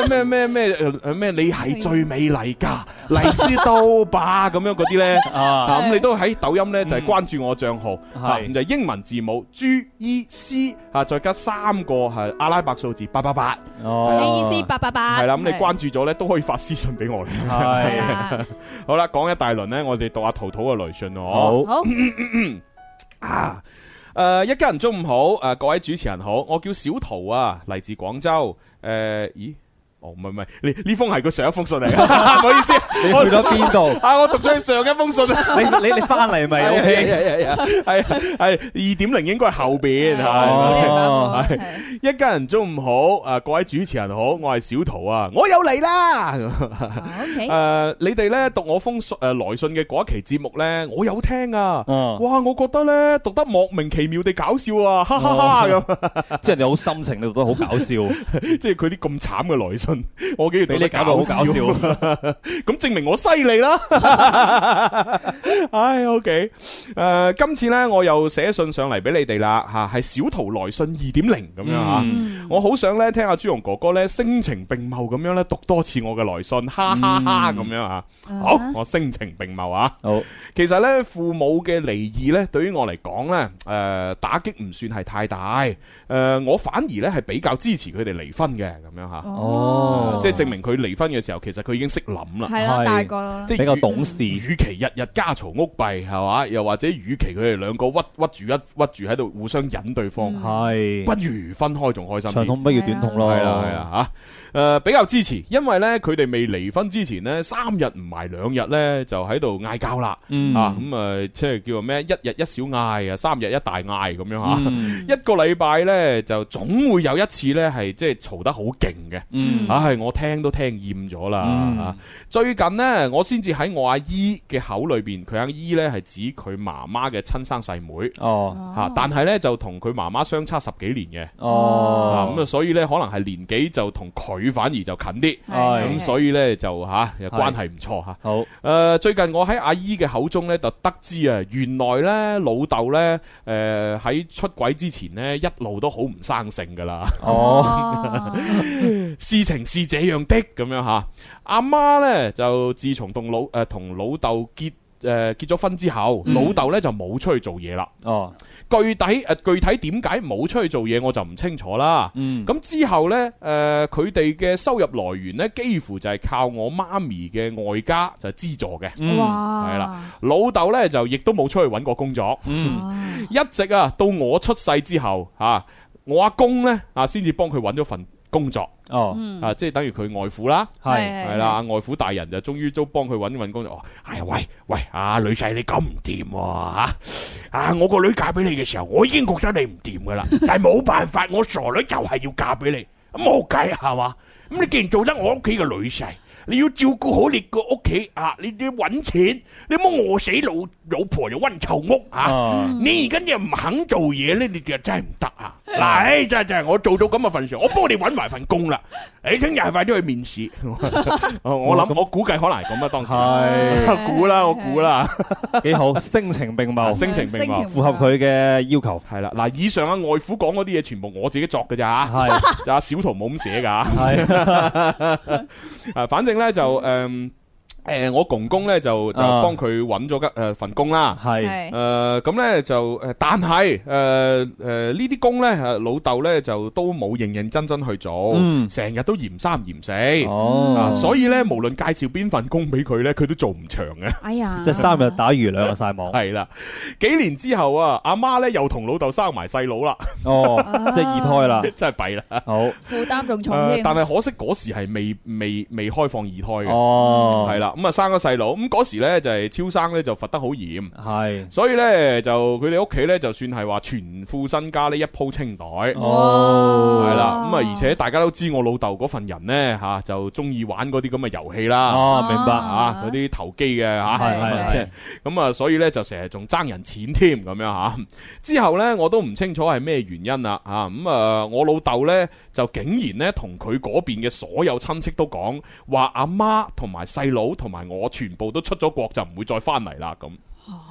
咩咩咩咩你係最美麗噶，荔枝刀霸咁樣嗰啲呢？等等啊！咁、uh, 嗯、你都喺抖音呢，就係關注我賬號，係咁、嗯、就係、英文字母 G E C 吓，再加三個係阿拉伯數字八八八哦，G E C 八八八係啦。咁你關注咗呢，都可以發私信俾我嘅。好啦、uh,，講一大輪呢，我哋讀下陶陶嘅來信哦。好，啊！誒，一家人中午好，誒，各位主持人好，我叫小陶啊，嚟自廣州。誒，咦？哦，唔係唔係，呢呢封係佢上一封信嚟，唔好意思。你去咗邊度？啊，我讀咗佢上一封信啊。你你你翻嚟咪 OK？係係二點零應該後邊吓，係一家人中午好。啊，各位主持人好，我係小陶啊，我又嚟啦。誒，你哋咧讀我封信誒來信嘅嗰一期節目咧，我有聽啊。哇，我覺得咧讀得莫名其妙地搞笑啊，哈哈哈咁，即係你好心情，你都覺得好搞笑，即係佢啲咁慘嘅來信。我竟然俾你搞到好搞笑，咁證明我犀利啦！唉，OK，誒，今次咧我又寫信上嚟俾你哋啦，吓係小陶來信二點零咁樣吓，我好想咧聽阿朱紅哥哥咧聲情並茂咁樣咧讀多次我嘅來信，哈哈哈咁樣吓，好，我聲情並茂啊，好，其實咧父母嘅離異咧對於我嚟講咧，誒打擊唔算係太大，誒我反而咧係比較支持佢哋離婚嘅咁樣吓，哦。哦、嗯，即係證明佢離婚嘅時候，其實佢已經識諗啦，係啦、啊，大個即係比較懂事。與其日日家嘈屋閉，係嘛，又或者與其佢哋兩個屈屈住一屈住喺度互相忍對方，係、嗯、不如分開仲開心啲，長痛不如短痛咯，係啊，吓、啊。誒，uh, 比較支持，因為咧佢哋未離婚之前咧，三日唔埋兩日咧就喺度嗌交啦，嗯、啊，咁啊，即係叫做咩，一日一小嗌啊，三日一大嗌咁樣吓，一個禮拜咧就總會有一次咧係即係嘈得好勁嘅，唉、嗯啊，係我聽都聽厭咗啦，最近呢，我先至喺我阿姨嘅口裏邊，佢阿姨咧係指佢媽媽嘅親生細妹，哦，吓、啊，但係咧就同佢媽媽相差十幾年嘅，哦，哦、啊，咁啊，啊，所以咧可能係年紀就同佢。佢反而就近啲，咁的、嗯、所以呢就吓又、啊、關係唔錯吓。好，誒、呃、最近我喺阿姨嘅口中呢就得知啊，原來呢老豆呢誒喺、呃、出軌之前呢一路都好唔生性噶啦。哦， 事情是這樣的咁樣吓，阿、啊、媽呢就自從同老誒、呃、同老豆結。誒，結咗婚之後，嗯、老豆呢就冇出去做嘢啦。哦具、呃，具體誒具體點解冇出去做嘢，我就唔清楚啦。嗯，咁之後呢，誒、呃，佢哋嘅收入來源呢，幾乎就係靠我媽咪嘅外家就資助嘅。嗯、哇，係啦，老豆呢就亦都冇出去搵過工作。哇、嗯，嗯、一直啊到我出世之後，吓、啊、我阿公呢啊先至幫佢搵咗份。工作哦，啊，即係等於佢外父啦，係係是啦，的外父大人就終於都幫佢搵搵工作。哦，係喂、哎、喂，阿、啊、女婿你咁唔掂喎，吓，啊，我個女嫁俾你嘅時候，我已經覺得你唔掂噶啦， 但係冇辦法，我傻女就係要嫁俾你，咁冇計係嘛，咁你既然做得我屋企嘅女婿。你要照顧好你個屋企啊！你要搵錢，你唔好餓死老老婆就溫臭屋啊！你而家又唔肯做嘢咧，你哋真係唔得啊！嗱，誒，真係真係，我做到咁嘅份上，我幫你搵埋份工啦！誒，聽日快啲去面試。我諗，我估計可能係咁啊，當時係，估啦，我估啦，幾好，聲情並茂，聲情並茂，符合佢嘅要求。係啦，嗱，以上啊外父講嗰啲嘢，全部我自己作嘅咋吓，就阿小陶冇咁寫噶吓，啊，反正。咧就誒。誒，我公公咧就就幫佢揾咗一誒份工啦。係誒咁咧就誒，但係誒誒呢啲工咧，老豆咧就都冇認認真真去做，成日都嫌三嫌四。哦，所以咧無論介紹邊份工俾佢咧，佢都做唔長嘅。哎呀，即係三日打魚，兩日曬網。係啦，幾年之後啊，阿媽咧又同老豆生埋細佬啦。哦，即係二胎啦，真係弊啦。好，負擔仲重添。但係可惜嗰時係未未未開放二胎嘅。哦，係啦。咁啊，生個細佬，咁嗰時咧就係超生咧就罰得好嚴，係是，所以咧就佢哋屋企咧就算係話全副身家咧一鋪清袋，哦，係啦，咁啊，而且大家都知我老豆份人咧吓，就中意玩嗰啲咁嘅遊戲啦，哦，明白啊，啲投機嘅吓，係係，咁啊，所以咧就成日仲爭人錢添，咁樣吓。之後咧我都唔清楚係咩原因啦，吓，咁啊，嗯、我老豆咧就竟然咧同佢嗰邊嘅所有親戚都講話阿媽同埋細佬。同埋我全部都出咗國，就唔會再翻嚟啦。咁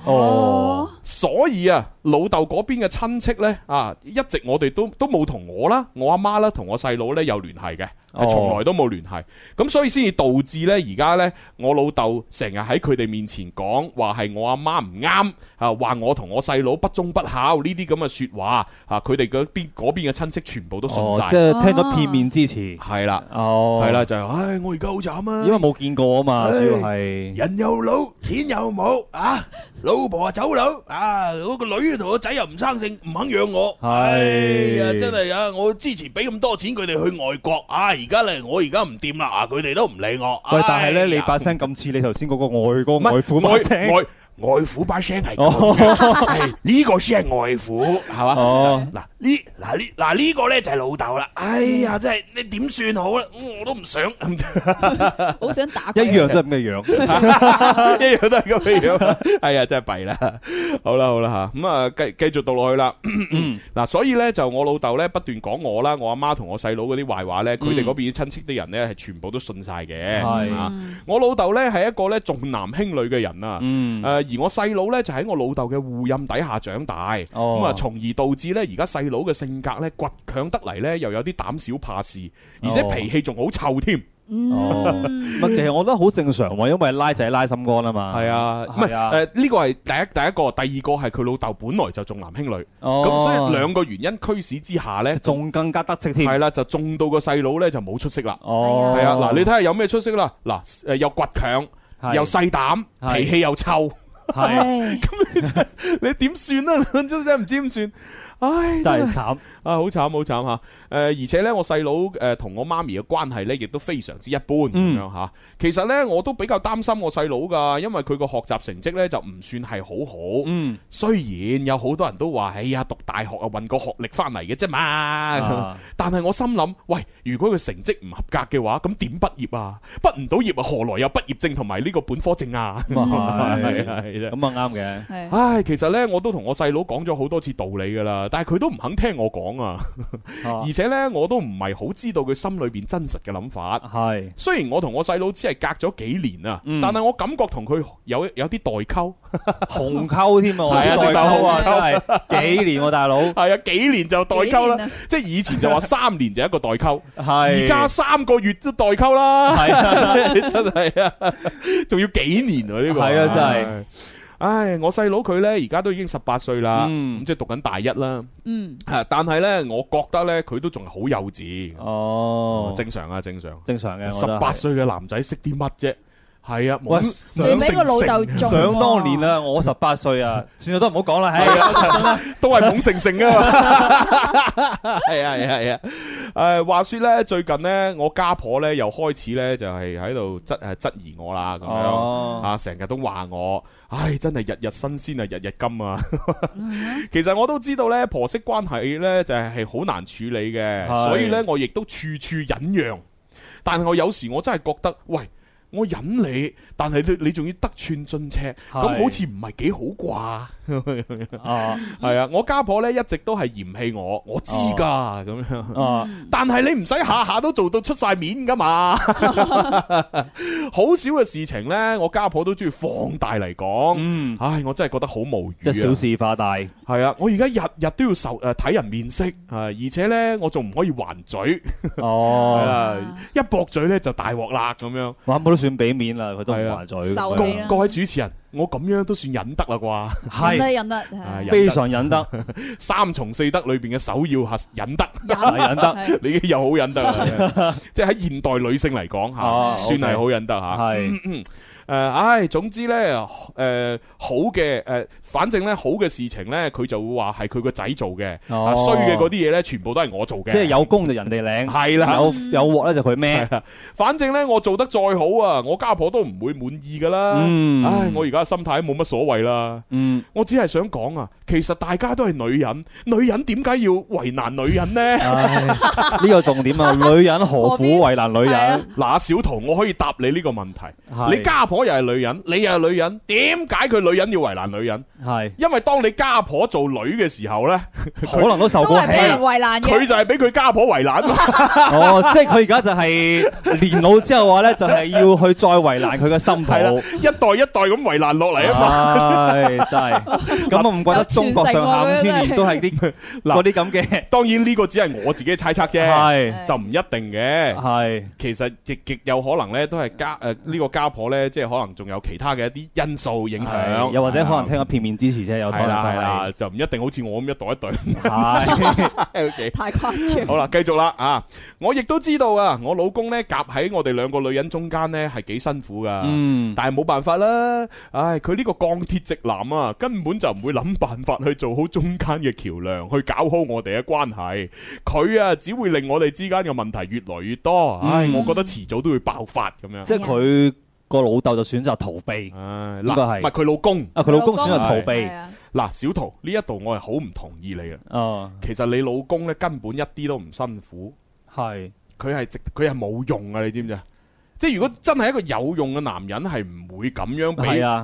哦，所以啊，老豆嗰邊嘅親戚呢，啊，一直我哋都都冇同我啦，我阿媽啦同我細佬呢，有聯繫嘅。係從、哦、來都冇聯繫，咁所以先至導致呢。而家呢，我老豆成日喺佢哋面前講話係我阿媽唔啱，吓話我同我細佬不忠不孝呢啲咁嘅說話，吓佢哋邊嗰邊嘅親戚全部都信晒，即係聽咗片面之詞，係啦，係啦，就唉、是哎、我而家好慘啊，因為冇見過啊嘛，主要係人又老，錢又冇啊，老婆、啊、走佬啊，我、嗰個女同度個仔又唔生性，唔肯養我，哎呀真係啊，我之前俾咁多錢佢哋去外國，唉、啊。哎哎哎而家嚟，我而家唔掂啦，佢哋都唔理我。喂，但係咧，哎、呀 你把聲咁似你頭先嗰個外公、嗰個外父咩聲？ 外父把聲係呢個先係外父，係嘛？哦，嗱呢嗱呢嗱呢個咧就係老豆啦。哎呀，真係你點算好啊？我都唔想，好想打，一樣得係咁樣，一樣都係咁嘅樣。哎呀，真係弊啦。好啦，好啦吓，咁啊繼繼續讀落去啦。嗱，所以咧就我老豆咧不斷講我啦，我阿媽同我細佬嗰啲壞話咧，佢哋嗰邊啲親戚啲人咧係全部都信晒嘅。係啊，我老豆咧係一個咧重男輕女嘅人啦。嗯，誒。而我細佬呢，就喺我老豆嘅護蔭底下長大，咁啊，從而導致呢，而家細佬嘅性格呢，倔強得嚟呢，又有啲膽小怕事，而且脾氣仲好臭添。其實我覺得好正常，因為拉仔拉心肝啊嘛。係啊，呢個係第一第一個，第二個係佢老豆本來就重男輕女，咁所以兩個原因驅使之下呢，仲更加得戚添。係啦，就中到個細佬呢，就冇出息啦。哦，係啊，嗱，你睇下有咩出息啦？嗱，又倔強，又細膽，脾氣又臭。係，咁、 啊、你真你點算啊？諗住真唔知點算。唉，真係慘啊！好慘，好慘吓。誒，而且咧，我細佬誒同我媽咪嘅關係咧，亦都非常之一般咁樣吓。其實咧，我都比較擔心我細佬噶，因為佢個學習成績咧就唔算係好好。嗯，雖然有好多人都話，哎呀，讀大學啊，混個學歷翻嚟嘅啫嘛。但係我心諗，喂，如果佢成績唔合格嘅話，咁點畢業啊？畢唔到業啊，何來有畢業證同埋呢個本科證啊？係啊，咁啊啱嘅。係，唉，其實咧，我都同我細佬講咗好多次道理噶啦。但係佢都唔肯聽我講啊，而且呢，我都唔係好知道佢心裏邊真實嘅諗法。係雖然我同我細佬只係隔咗幾年啊，但係我感覺同佢有有啲代溝，鴻溝添啊，代溝啊，係幾年我大佬，係啊幾年就代溝啦，即係以前就話三年就一個代溝，係而家三個月都代溝啦，係真係啊，仲要幾年啊呢個，係啊真係。唉，我細佬佢呢，而家都已經十八歲啦，咁、嗯、即係讀緊大一啦。嗯，但係呢，我覺得呢，佢都仲係好幼稚。哦，正常啊，正常，正常嘅。十八歲嘅男仔識啲乜啫？係啊，冇蒙老豆，爸爸啊、想當年啊，我十八歲啊， 算啦， 都唔好講啦，都係懵盛盛噶啊，係啊係啊，誒、啊呃，話說咧，最近咧，我家婆咧又開始咧就係喺度質誒質疑我啦，咁、哦、樣啊，成日都話我，唉，真係日日新鮮啊，日日金啊。 其實我都知道咧，婆媳關係咧就係好難處理嘅，是所以咧我亦都處處忍讓，但係我有時我真係覺得，喂。我忍你。但係你你仲要得寸進尺，咁的好似唔係幾好啩？ 啊，係啊！我家婆咧一直都係嫌棄我，我知㗎咁、啊、樣。啊，但係你唔使下下都做到出晒面㗎嘛！好少嘅事情咧，我家婆都中意放大嚟講。嗯，唉，我真係覺得好無語啊！一小事化大。係啊，我而家日日都要受誒睇人面色，係而且咧我仲唔可以還嘴。哦，係啦，一駁嘴咧就大鑊啦咁樣。咁我都算俾面啦，佢都啊、各位主持人，我咁樣都算忍得啦啩？真係忍得，非常忍得。三從四德裏邊嘅首要係忍得，忍得，你又好忍得。忍得忍得忍得忍得，即係喺現代女性嚟講吓，啊、算係好忍得吓。係誒、okay，嗯，唉、嗯呃哎，總之呢，誒、呃，好嘅，誒、呃。反正咧好嘅事情咧，佢就會話係佢個仔做嘅，衰嘅嗰啲嘢咧，全部都係我做嘅。即係有功就人哋領，係啦，有有鑊咧就佢孭。反正咧我做得再好啊，我家婆都唔會滿意噶啦。嗯、唉，我而家心態冇乜所謂啦。嗯、我只係想講啊，其實大家都係女人，女人點解要為難女人呢？呢、 哎這個重點啊，女人何苦為難女人？嗱、啊，小陶，我可以答你呢個問題。是的 你家婆又係女人，你又係女人，點解佢女人要為難女人？係，因為當你家婆做女嘅時候咧，可能都受過氣。佢就係俾佢家婆為難。哦，即係佢而家就係年老之後話咧，就係要去再為難佢嘅心抱。係啦，一代一代咁為難落嚟啊嘛。係，真係。咁我唔覺得中國上下五千年都係啲嗱嗰啲咁嘅。當然呢個只係我自己嘅猜測啫。係，就唔一定嘅。係，其實亦極有可能咧，都係家誒呢個家婆咧，即係可能仲有其他嘅一啲因素影響，又或者可能聽下片面。支持啫，有袋底，係啦，係啦，就唔一定好似我咁一代一代。太誇張。好啦，繼續啦啊！我亦都知道啊，我老公呢，夾喺我哋兩個女人中間呢，係幾辛苦噶。嗯，但係冇辦法啦。唉，佢呢個鋼鐵直男啊，根本就唔會諗辦法去做好中間嘅橋樑，去搞好我哋嘅關係。佢啊，只會令我哋之間嘅問題越嚟越多。唉，我覺得遲早都會爆發咁樣。嗯，即係佢。個老豆就選擇逃避，嗱係，唔係佢老公，啊佢老公選擇逃避，嗱小陶，呢一度我係好唔同意你嘅，哦，其實你老公咧根本一啲都唔辛苦，係，佢係直佢係冇用噶，你知唔知啊？即係如果真係一個有用嘅男人，係唔會咁樣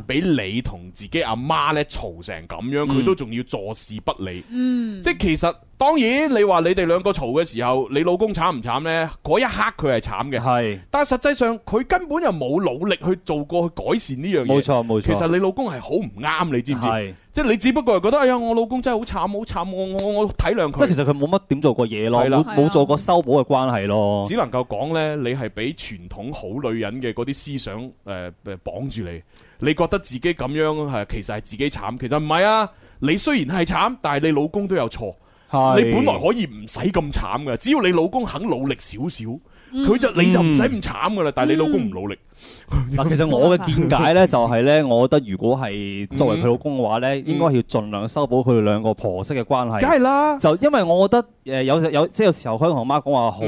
俾俾你同自己阿媽咧嘈成咁樣，佢都仲要坐視不理，嗯，即係其實。當然，你話你哋兩個嘈嘅時候，你老公慘唔慘呢？嗰一刻佢係慘嘅，是但係實際上佢根本又冇努力去做過改善呢樣嘢。冇錯冇錯，錯其實你老公係好唔啱，你知唔知？是即係你只不過係覺得，哎呀，我老公真係好慘好慘，我我我體諒佢。即係其實佢冇乜點做過嘢咯，冇、冇、做過修補嘅關係咯。啊、只能夠講呢，你係俾傳統好女人嘅嗰啲思想誒誒、呃、綁住你。你覺得自己咁樣係其實係自己慘，其實唔係啊！你雖然係慘，但係你老公都有錯。是你本來可以唔使咁慘㗎，只要你老公肯努力少少，佢、嗯、就你就唔使咁慘噶啦。嗯、但係你老公唔努力，但 其實我嘅見解呢就係呢：我覺得如果係作為佢老公嘅話呢，嗯、應該要盡量修補佢兩個婆媳嘅關係。梗係、嗯、啦，就因為我覺得誒，有有即係有時候同我媽講話，好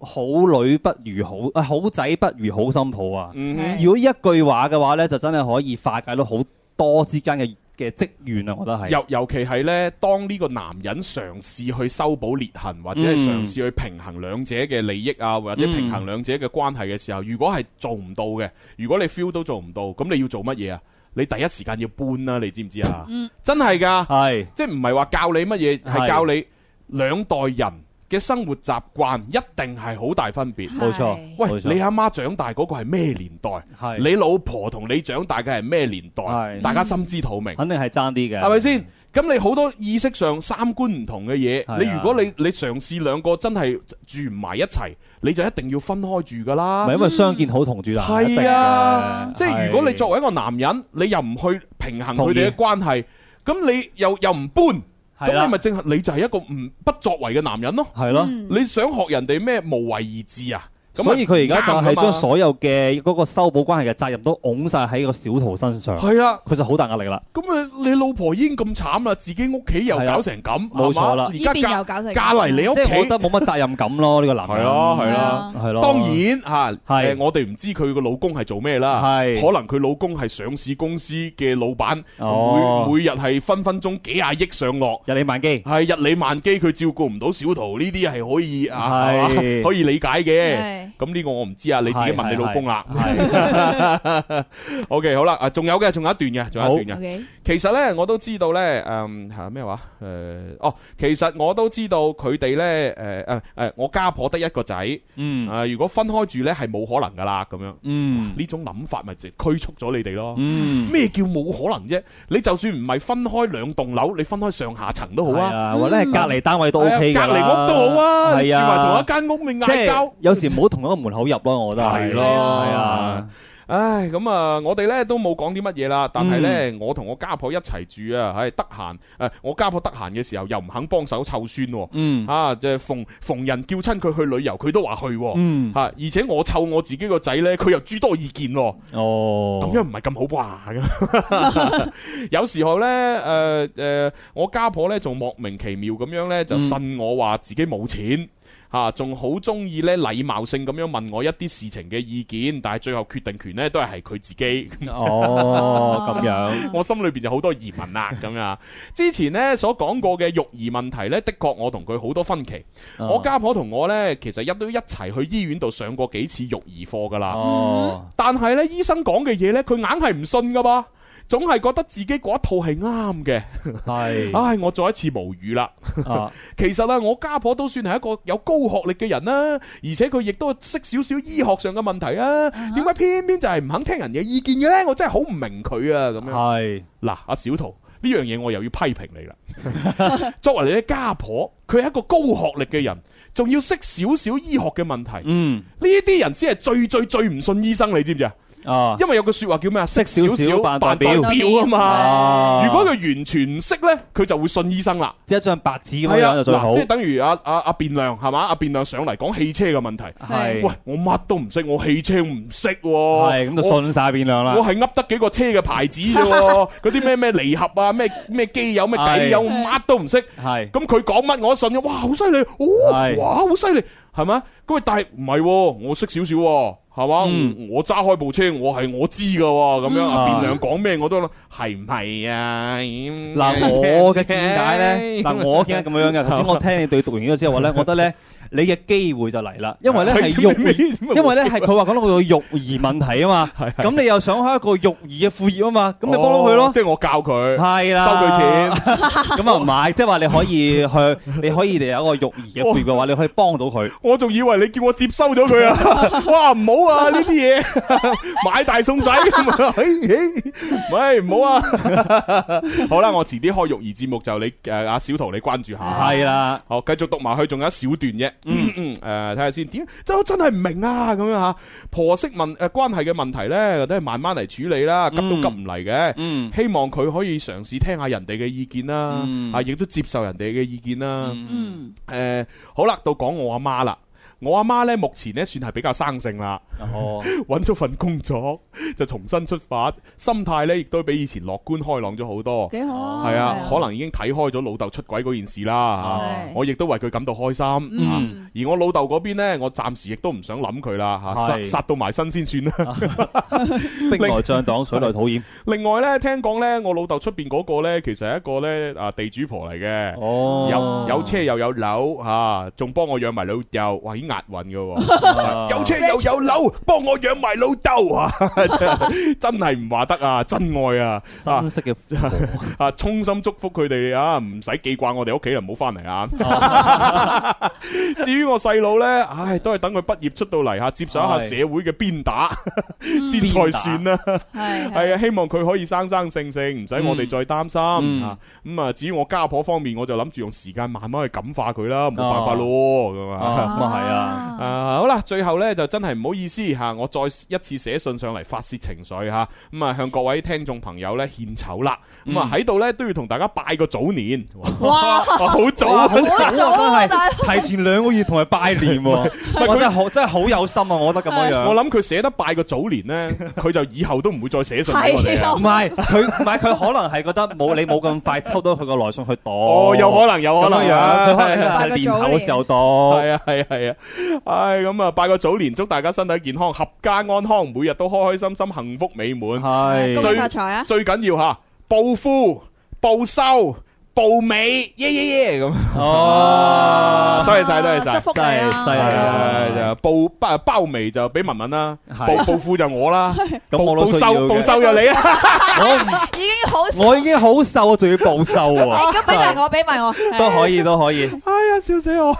好女不如好好仔不如好心抱啊。嗯、哼如果呢一句話嘅話呢，就真係可以化解到好多之間嘅嘅積怨啊，我覺得係尤尤其係呢，當呢個男人嘗試去修補裂痕或者係嘗試去平衡兩者嘅利益啊，或者平衡兩者嘅關係嘅時候，如果係做唔到嘅，如果你 feel 都做唔到，咁你要做乜嘢啊？你第一時間要搬啦、啊，你知唔知啊？ 真係㗎，係是即係唔係話教你乜嘢，係教你兩代人。嘅生活習慣一定係好大分別，冇錯錯。喂，錯你阿媽長大嗰個係咩年代？是你老婆同你長大嘅係咩年代？是大家心知肚明，嗯、肯定係爭啲嘅，係咪先？咁你好多意識上三觀唔同嘅嘢，啊、你如果你你嘗試兩個真係住唔埋一齊，你就一定要分開住㗎啦。唔係因為相見好同住難，係啊，即係、嗯啊嗯、如果你作為一個男人，你又唔去平衡佢哋嘅關係，咁意你又又唔搬。咁你咪正係，你就係一個唔不作為嘅男人咯。係咯，你想學人哋咩無為而治啊？咁，所以佢而家就係將所有嘅嗰個修補關係嘅責任都拱晒喺個小桃身上。係啊，佢就好大壓力啦。咁啊，你老婆已經咁慘啦，自己屋企又搞成咁，冇錯啦。而家隔籬你屋企，即係我覺得冇乜責任感咯。呢個男人係啊係啊係咯。當然吓，係，我哋唔知佢個老公係做咩啦。係可能佢老公係上市公司嘅老闆，每每日係分分鐘幾廿億上落日理萬機，係日理萬機，佢照顧唔到小桃呢啲係可以係可以理解嘅。咁呢個我唔知啊，你自己問你老公啦。 係，OK，好啦，啊，仲有嘅，仲有一段嘅，仲好有一段嘅。Okay. 其實咧，我都知道咧，誒吓咩話？誒哦，其實我都知道佢哋咧，誒誒誒，我家婆得一個仔，嗯，誒，如果分開住咧，係冇可能噶啦，咁樣，嗯，呢種諗法咪就驅促咗你哋咯，嗯，咩叫冇可能啫？你就算唔係分開兩棟樓，你分開上下層都好啊，或者係隔籬單位對屋，隔籬屋都好啊，係啊，住埋同一間屋咪嗌交，有時唔好同一個門口入咯，我都係咯，係啊。唉，咁啊，我哋咧都冇講啲乜嘢啦。但係呢，嗯、我同我家婆一齊住啊，唉，得閒，誒、呃，我家婆得閒嘅時候又唔肯幫手湊孫，嗯，啊，即、呃、係逢逢人叫親佢去旅遊，佢都話去、哦，嗯，吓、啊，而且我湊我自己個仔呢，佢又諸多意見，哦，咁、哦、樣唔係咁好話噶。 有時候呢，誒、呃、誒、呃，我家婆呢仲莫名其妙咁樣呢，就信我話自己冇錢。啊，仲好中意咧，禮貌性咁樣問我一啲事情嘅意見，但係最後決定權咧都係係佢自己。哦，咁 樣，我心裏邊就好多疑問啦，咁啊，之前咧所講過嘅育兒問題咧，的確我同佢好多分歧。哦，我家婆同我咧，其實一都一齊去醫院度上過幾次育兒課噶啦。哦，但係咧醫生講嘅嘢咧，佢硬係唔信噶噃。總係覺得自己嗰一套係啱嘅，係， 唉，我再一次無語啦。 其實啊，我家婆都算係一個有高學歷嘅人啦，啊，而且佢亦都識少少醫學上嘅問題啊。點解，啊、偏偏就係唔肯聽人嘅意見嘅呢？我真係好唔明佢啊。咁樣，係是，嗱，阿小陶，呢樣嘢我又要批評你啦。 作為你嘅家婆，佢係一個高學歷嘅人，仲要識少少醫學嘅問題，嗯，呢啲人先係最最最唔信醫生，你知唔知啊？哦，因為有句說話叫咩啊？識少少扮代表啊嘛。如果佢完全唔識咧，佢就會信醫生啦。即係一張白紙咁樣就最好。即係等於阿阿阿變亮係嘛？阿變亮上嚟講汽車嘅問題係。喂，我乜都唔識，我汽車唔識。係咁就信晒變亮啦。我係噏得幾個車嘅牌子啫。嗰啲咩咩離合啊，咩咩機油咩偈油，乜都唔識。係咁佢講乜我都信。哇，好犀利！哇，好犀利，係咪？咁但係唔係，我識少少。係嘛？嗯、我揸開部車，我係我知噶，咁樣阿變良講咩我都咯，係唔係啊？嗱、嗯，我嘅見解咧，嗱， 我嘅見解咁樣嘅。頭先我聽你讀完咗之後咧， 我覺得咧。你嘅機會就嚟啦，因為咧係育，因為咧係佢話講到佢個育兒問題啊嘛，咁你又想開一個育兒嘅副業啊嘛，咁你幫到佢咯，即係我教佢，係啦，收佢錢，咁啊唔買，即係話你可以去，你可以嚟有一個育兒嘅副業嘅話，你可以幫到佢。我仲以為你叫我接收咗佢啊，哇，唔好啊呢啲嘢，買大送仔，喂，唔好啊，好啦，我遲啲開育兒節目就你阿小陶，你關注下，係啦，好繼續讀埋去，仲有一小段啫。嗯嗯，誒、嗯，睇下先點，看看真真係唔明啊，咁樣吓，婆媳問誒、呃、關係嘅問題咧，都係慢慢嚟處理啦，急都急唔嚟嘅。嗯嗯、希望佢可以嘗試聽下人哋嘅意見啦，嗯、啊，亦都接受人哋嘅意見啦。嗯，誒、嗯呃，好啦，到講我阿媽啦。我阿媽咧，目前咧算係比較生性啦。哦，揾咗份工作就重新出發，心態咧亦都比以前樂觀開朗咗好多。幾好？係啊，可能已經睇開咗老豆出軌嗰件事啦嚇。我亦都為佢感到開心。嗯，而我老豆嗰邊咧，我暫時亦都唔想諗佢啦嚇，殺到埋身先算啦。兵來將擋，水來土掩。另外咧，聽講咧，我老豆出面嗰個咧，其實係一個咧啊地主婆嚟嘅。哦，有有車又有樓嚇，仲幫我養埋老幼。押韻嘅， 有車又有樓，幫我養埋老豆啊！ 真係唔話得啊，真愛啊！啊， 衷心祝福佢哋啊，唔使記掛我哋屋企人，唔好翻嚟啊！ 至於我細佬呢，唉，都係等佢畢業出到嚟吓，接受一下社會嘅鞭打是 先才算啦。係啊， 希望佢可以生生性性，唔使我哋再擔心。咁啊、嗯嗯嗯，至於我家婆方面，我就諗住用時間慢慢去感化佢啦，冇、啊、辦法咯。咁啊係啊。啊 啊，好啦，最後咧，就真係唔好意思吓，我再一次寫信上嚟，發洩情緒吓，咁啊向各位聽眾朋友咧獻醜啦，咁啊喺度咧都要同大家拜個早年，哇，好早，好早，真係提前兩個月同佢拜年，真係好真係好有心啊，我覺得咁樣樣，我諗佢寫得拜個早年呢，佢就以後都唔會再寫信俾我哋。唔係，佢唔係佢可能係覺得冇你冇咁快抽到佢個來信去讀，哦，有可能，有可能，佢年頭嘅時候讀，係啊，係啊，係啊。唉，咁啊，拜個早年，祝大家身體健康、合家安康，每日都開開心心、幸福美滿。係的、發財啊！最緊要吓，報富報收。報尾耶耶耶咁哦，多謝晒，多謝晒，祝福真係犀利啊！就報包包尾就俾文文啦，報報富就我啦，咁我老細報瘦就你啊！我已經好，我已經好瘦，我仲要報瘦啊！咁俾埋我，俾埋我都可以，都可以。哎呀，笑死我！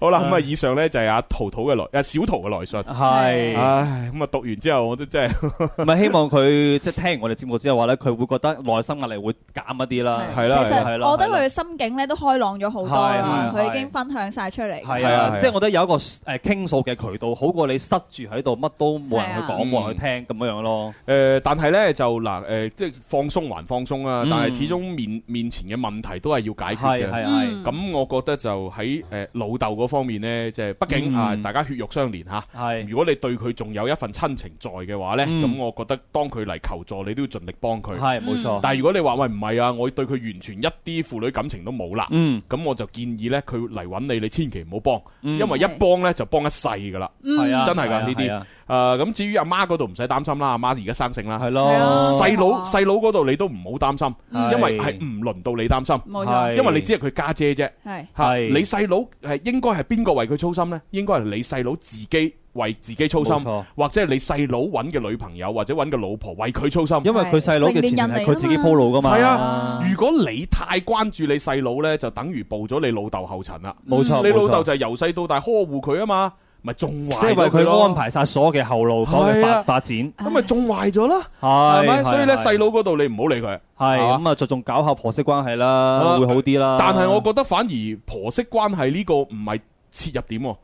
好啦，咁啊，以上咧就係阿桃桃嘅來，阿小桃嘅來信係。唉，咁啊，讀完之後我都真係唔係希望佢即係聽完我哋節目之後話咧，佢會覺得內心壓力會減一啲啦，係啦。我啦，覺得佢嘅心境咧都開朗咗好多，佢已經分享晒出嚟。係啊，即係我覺得有一個誒傾訴嘅渠道，好過你塞住喺度，乜都冇人去講，冇人去聽咁樣樣咯。誒，但係咧就嗱誒，即係放鬆還放鬆啊，但係始終面面前嘅問題都係要解決嘅。係。咁我覺得就喺誒老豆嗰方面咧，即係畢竟啊，大家血肉相連嚇。如果你對佢仲有一份親情在嘅話咧，咁我覺得當佢嚟求助，你都要盡力幫佢。係，冇錯。但係如果你話喂唔係啊，我對佢完全一啲父女感情都冇啦，咁、嗯、我就建議呢，佢嚟揾你，你千祈唔好幫，嗯、因為一幫呢，就幫一世噶啦，嗯、真係噶呢啲。誒，咁至於阿媽嗰度唔使擔心啦，阿媽而家生性啦，係咯，細佬細佬嗰度你都唔好擔心，因為係唔輪到你擔心，係，因為你只係佢家姐啫，係，吓你細佬係應該係邊個為佢操心咧？應該係你細佬自己為自己操心，冇錯，或者係你細佬揾嘅女朋友或者揾嘅老婆為佢操心，因為佢細佬嘅前程係佢自己鋪路噶嘛，係啊，如果你太關注你細佬咧，就等於步咗你老豆後塵啦，冇錯，你老豆就係由細到大呵護佢啊嘛。咪仲壞，因為佢安排晒所有嘅後路，所有嘅發發展，咁咪仲壞咗咯。係，所以咧，細佬嗰度你唔好理佢。係，咁啊着重搞下婆媳關係啦，會好啲啦。但係我覺得反而婆媳關係呢個唔係切入點，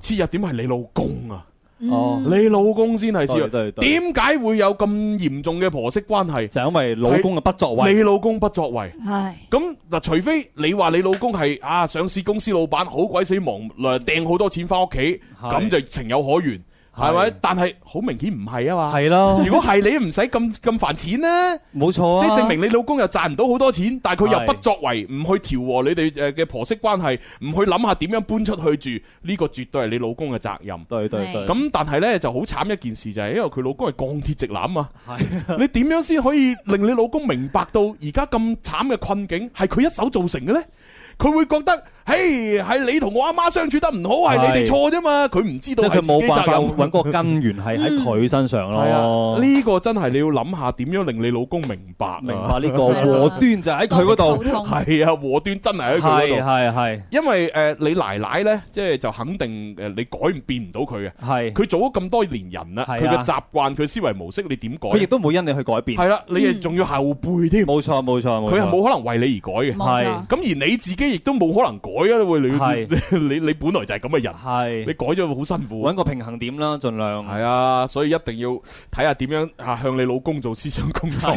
切入點係你老公啊。哦，oh, 你老公先係主要，點解會有咁嚴重嘅婆媳關係？就因為老公嘅不作為，你老公不作為，係咁嗱，除非你話你老公係啊上市公司老闆，好鬼死忙，掟好多錢翻屋企，咁唉就情有可原。係咪？但係好明顯唔係啊嘛！係咯的，如果係 你唔使咁咁煩錢咧，冇錯、啊，即係證明你老公又賺唔到好多錢，但係佢又不作為，唔去調和你哋誒嘅婆媳關係，唔去諗下點樣搬出去住，呢、呢個絕對係你老公嘅責任。對對對，咁的但係呢就好慘一件事就係，因為佢老公係鋼鐵直男啊嘛。 你點樣先可以令你老公明白到而家咁慘嘅困境係佢一手造成嘅呢？佢會覺得。嘿，係你同我阿媽相處得唔好，係你哋錯啫嘛！佢唔知道，佢冇辦法揾個根源係喺佢身上咯。呢個真係你要諗下點樣令你老公明白，明白呢個禍端就喺佢嗰度。係啊，禍端真係喺佢嗰度。係係係。因為誒你奶奶咧，即係就肯定誒你改唔變唔到佢嘅。係。佢做咗咁多年人啦，佢嘅習慣、佢思維模式，你點改？佢亦都冇因你去改變。係啦，你仲要後輩添。冇錯冇錯。佢係冇可能為你而改嘅。係。咁而你自己亦都冇可能改。改啊！你會你你本來就係咁嘅人，是你改咗會好辛苦。揾個平衡點啦，盡量係啊！所以一定要睇下點樣啊，向你老公做思想工作，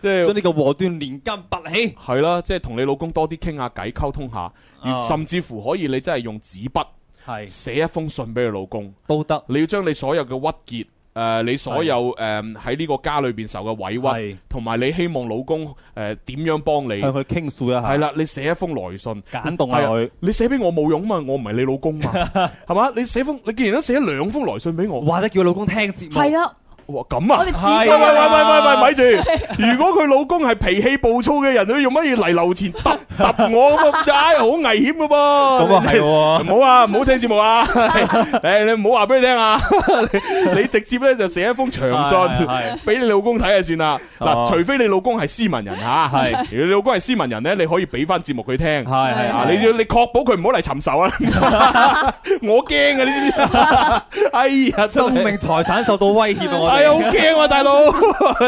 即係將呢個禍端連根拔起。係啦、啊，即係同你老公多啲傾下偈，溝通下，通下 uh，甚至乎可以你真係用紙筆係寫一封信俾你老公都得行。你要將你所有嘅鬱結。誒、呃，你所有誒喺呢個家裏邊受嘅委屈，同埋是的 你希望老公誒點、呃、樣幫你向佢傾訴一下？係啦，你寫一封來信感動下佢。你寫俾我冇用嘛，我唔係你老公嘛，係嘛？ 你寫封，你既然都寫咗兩封來信俾我。或者叫老公聽節目。係啦。哇咁啊！咪咪咪咪咪咪住！如果佢老公係脾氣暴躁嘅人，佢用乜嘢嚟留錢？揼揼我個街，好危險噶噃！唔好啊，唔好聽節目啊！誒，你唔好話俾佢聽啊！你直接咧就寫一封長信俾你老公睇就算啦！嗱，除非你老公係斯文人吓，係。如果你老公係斯文人咧，你可以俾翻節目佢聽，係係啊！你要你確保佢唔好嚟尋仇啊！我驚啊！你知唔知？哎呀，生命財產受到威脅啊！係、哎、啊，好驚啊，大佬，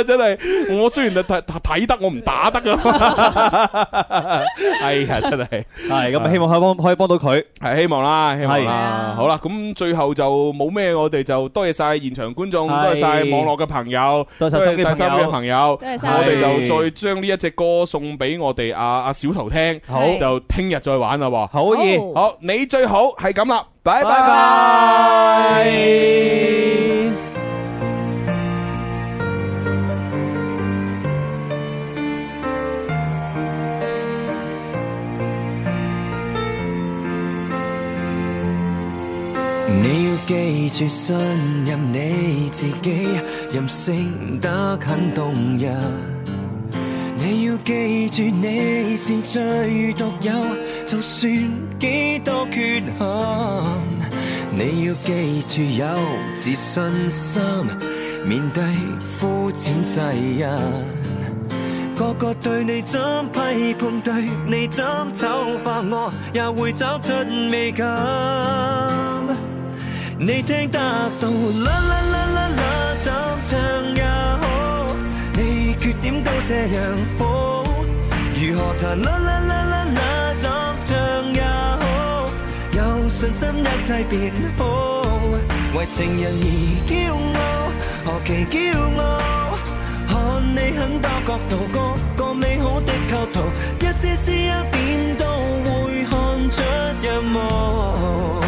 真係。我雖然睇睇得，我唔打得啊。哎呀，真係。係咁，希望可以幫可以幫到佢、啊，係希望啦，希望啦。是啊、好啦，咁最後就冇咩，我哋就多謝晒現場觀眾，是啊、多謝晒網絡嘅朋友，多謝晒聽新嘅朋友。我哋就再將呢一隻歌送俾我哋阿阿小陶聽，是啊、好就聽日再玩啦。好嘢，好你最好係咁啦，拜拜拜，拜。記住信任你自己，任性得咁動人。你要記住你是最獨有，就算幾多缺陷。你要記住有自信心，面對膚淺世人。個個對你怎批判，對你怎醜化，我也會找出美感。你聽得到，啦啦啦啦啦，怎唱也好。你缺點都這樣好，如何彈，啦啦啦啦啦，作唱也，也好。有信心一切變好，為情人而驕傲，何其驕傲！看你很多角度，個個美好的構圖，一絲絲一點都會看出入幕。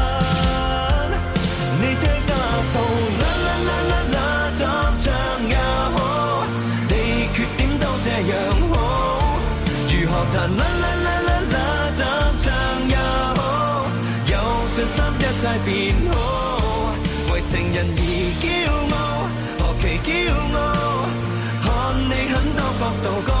為情人而驕傲，何其驕傲！看你很多角度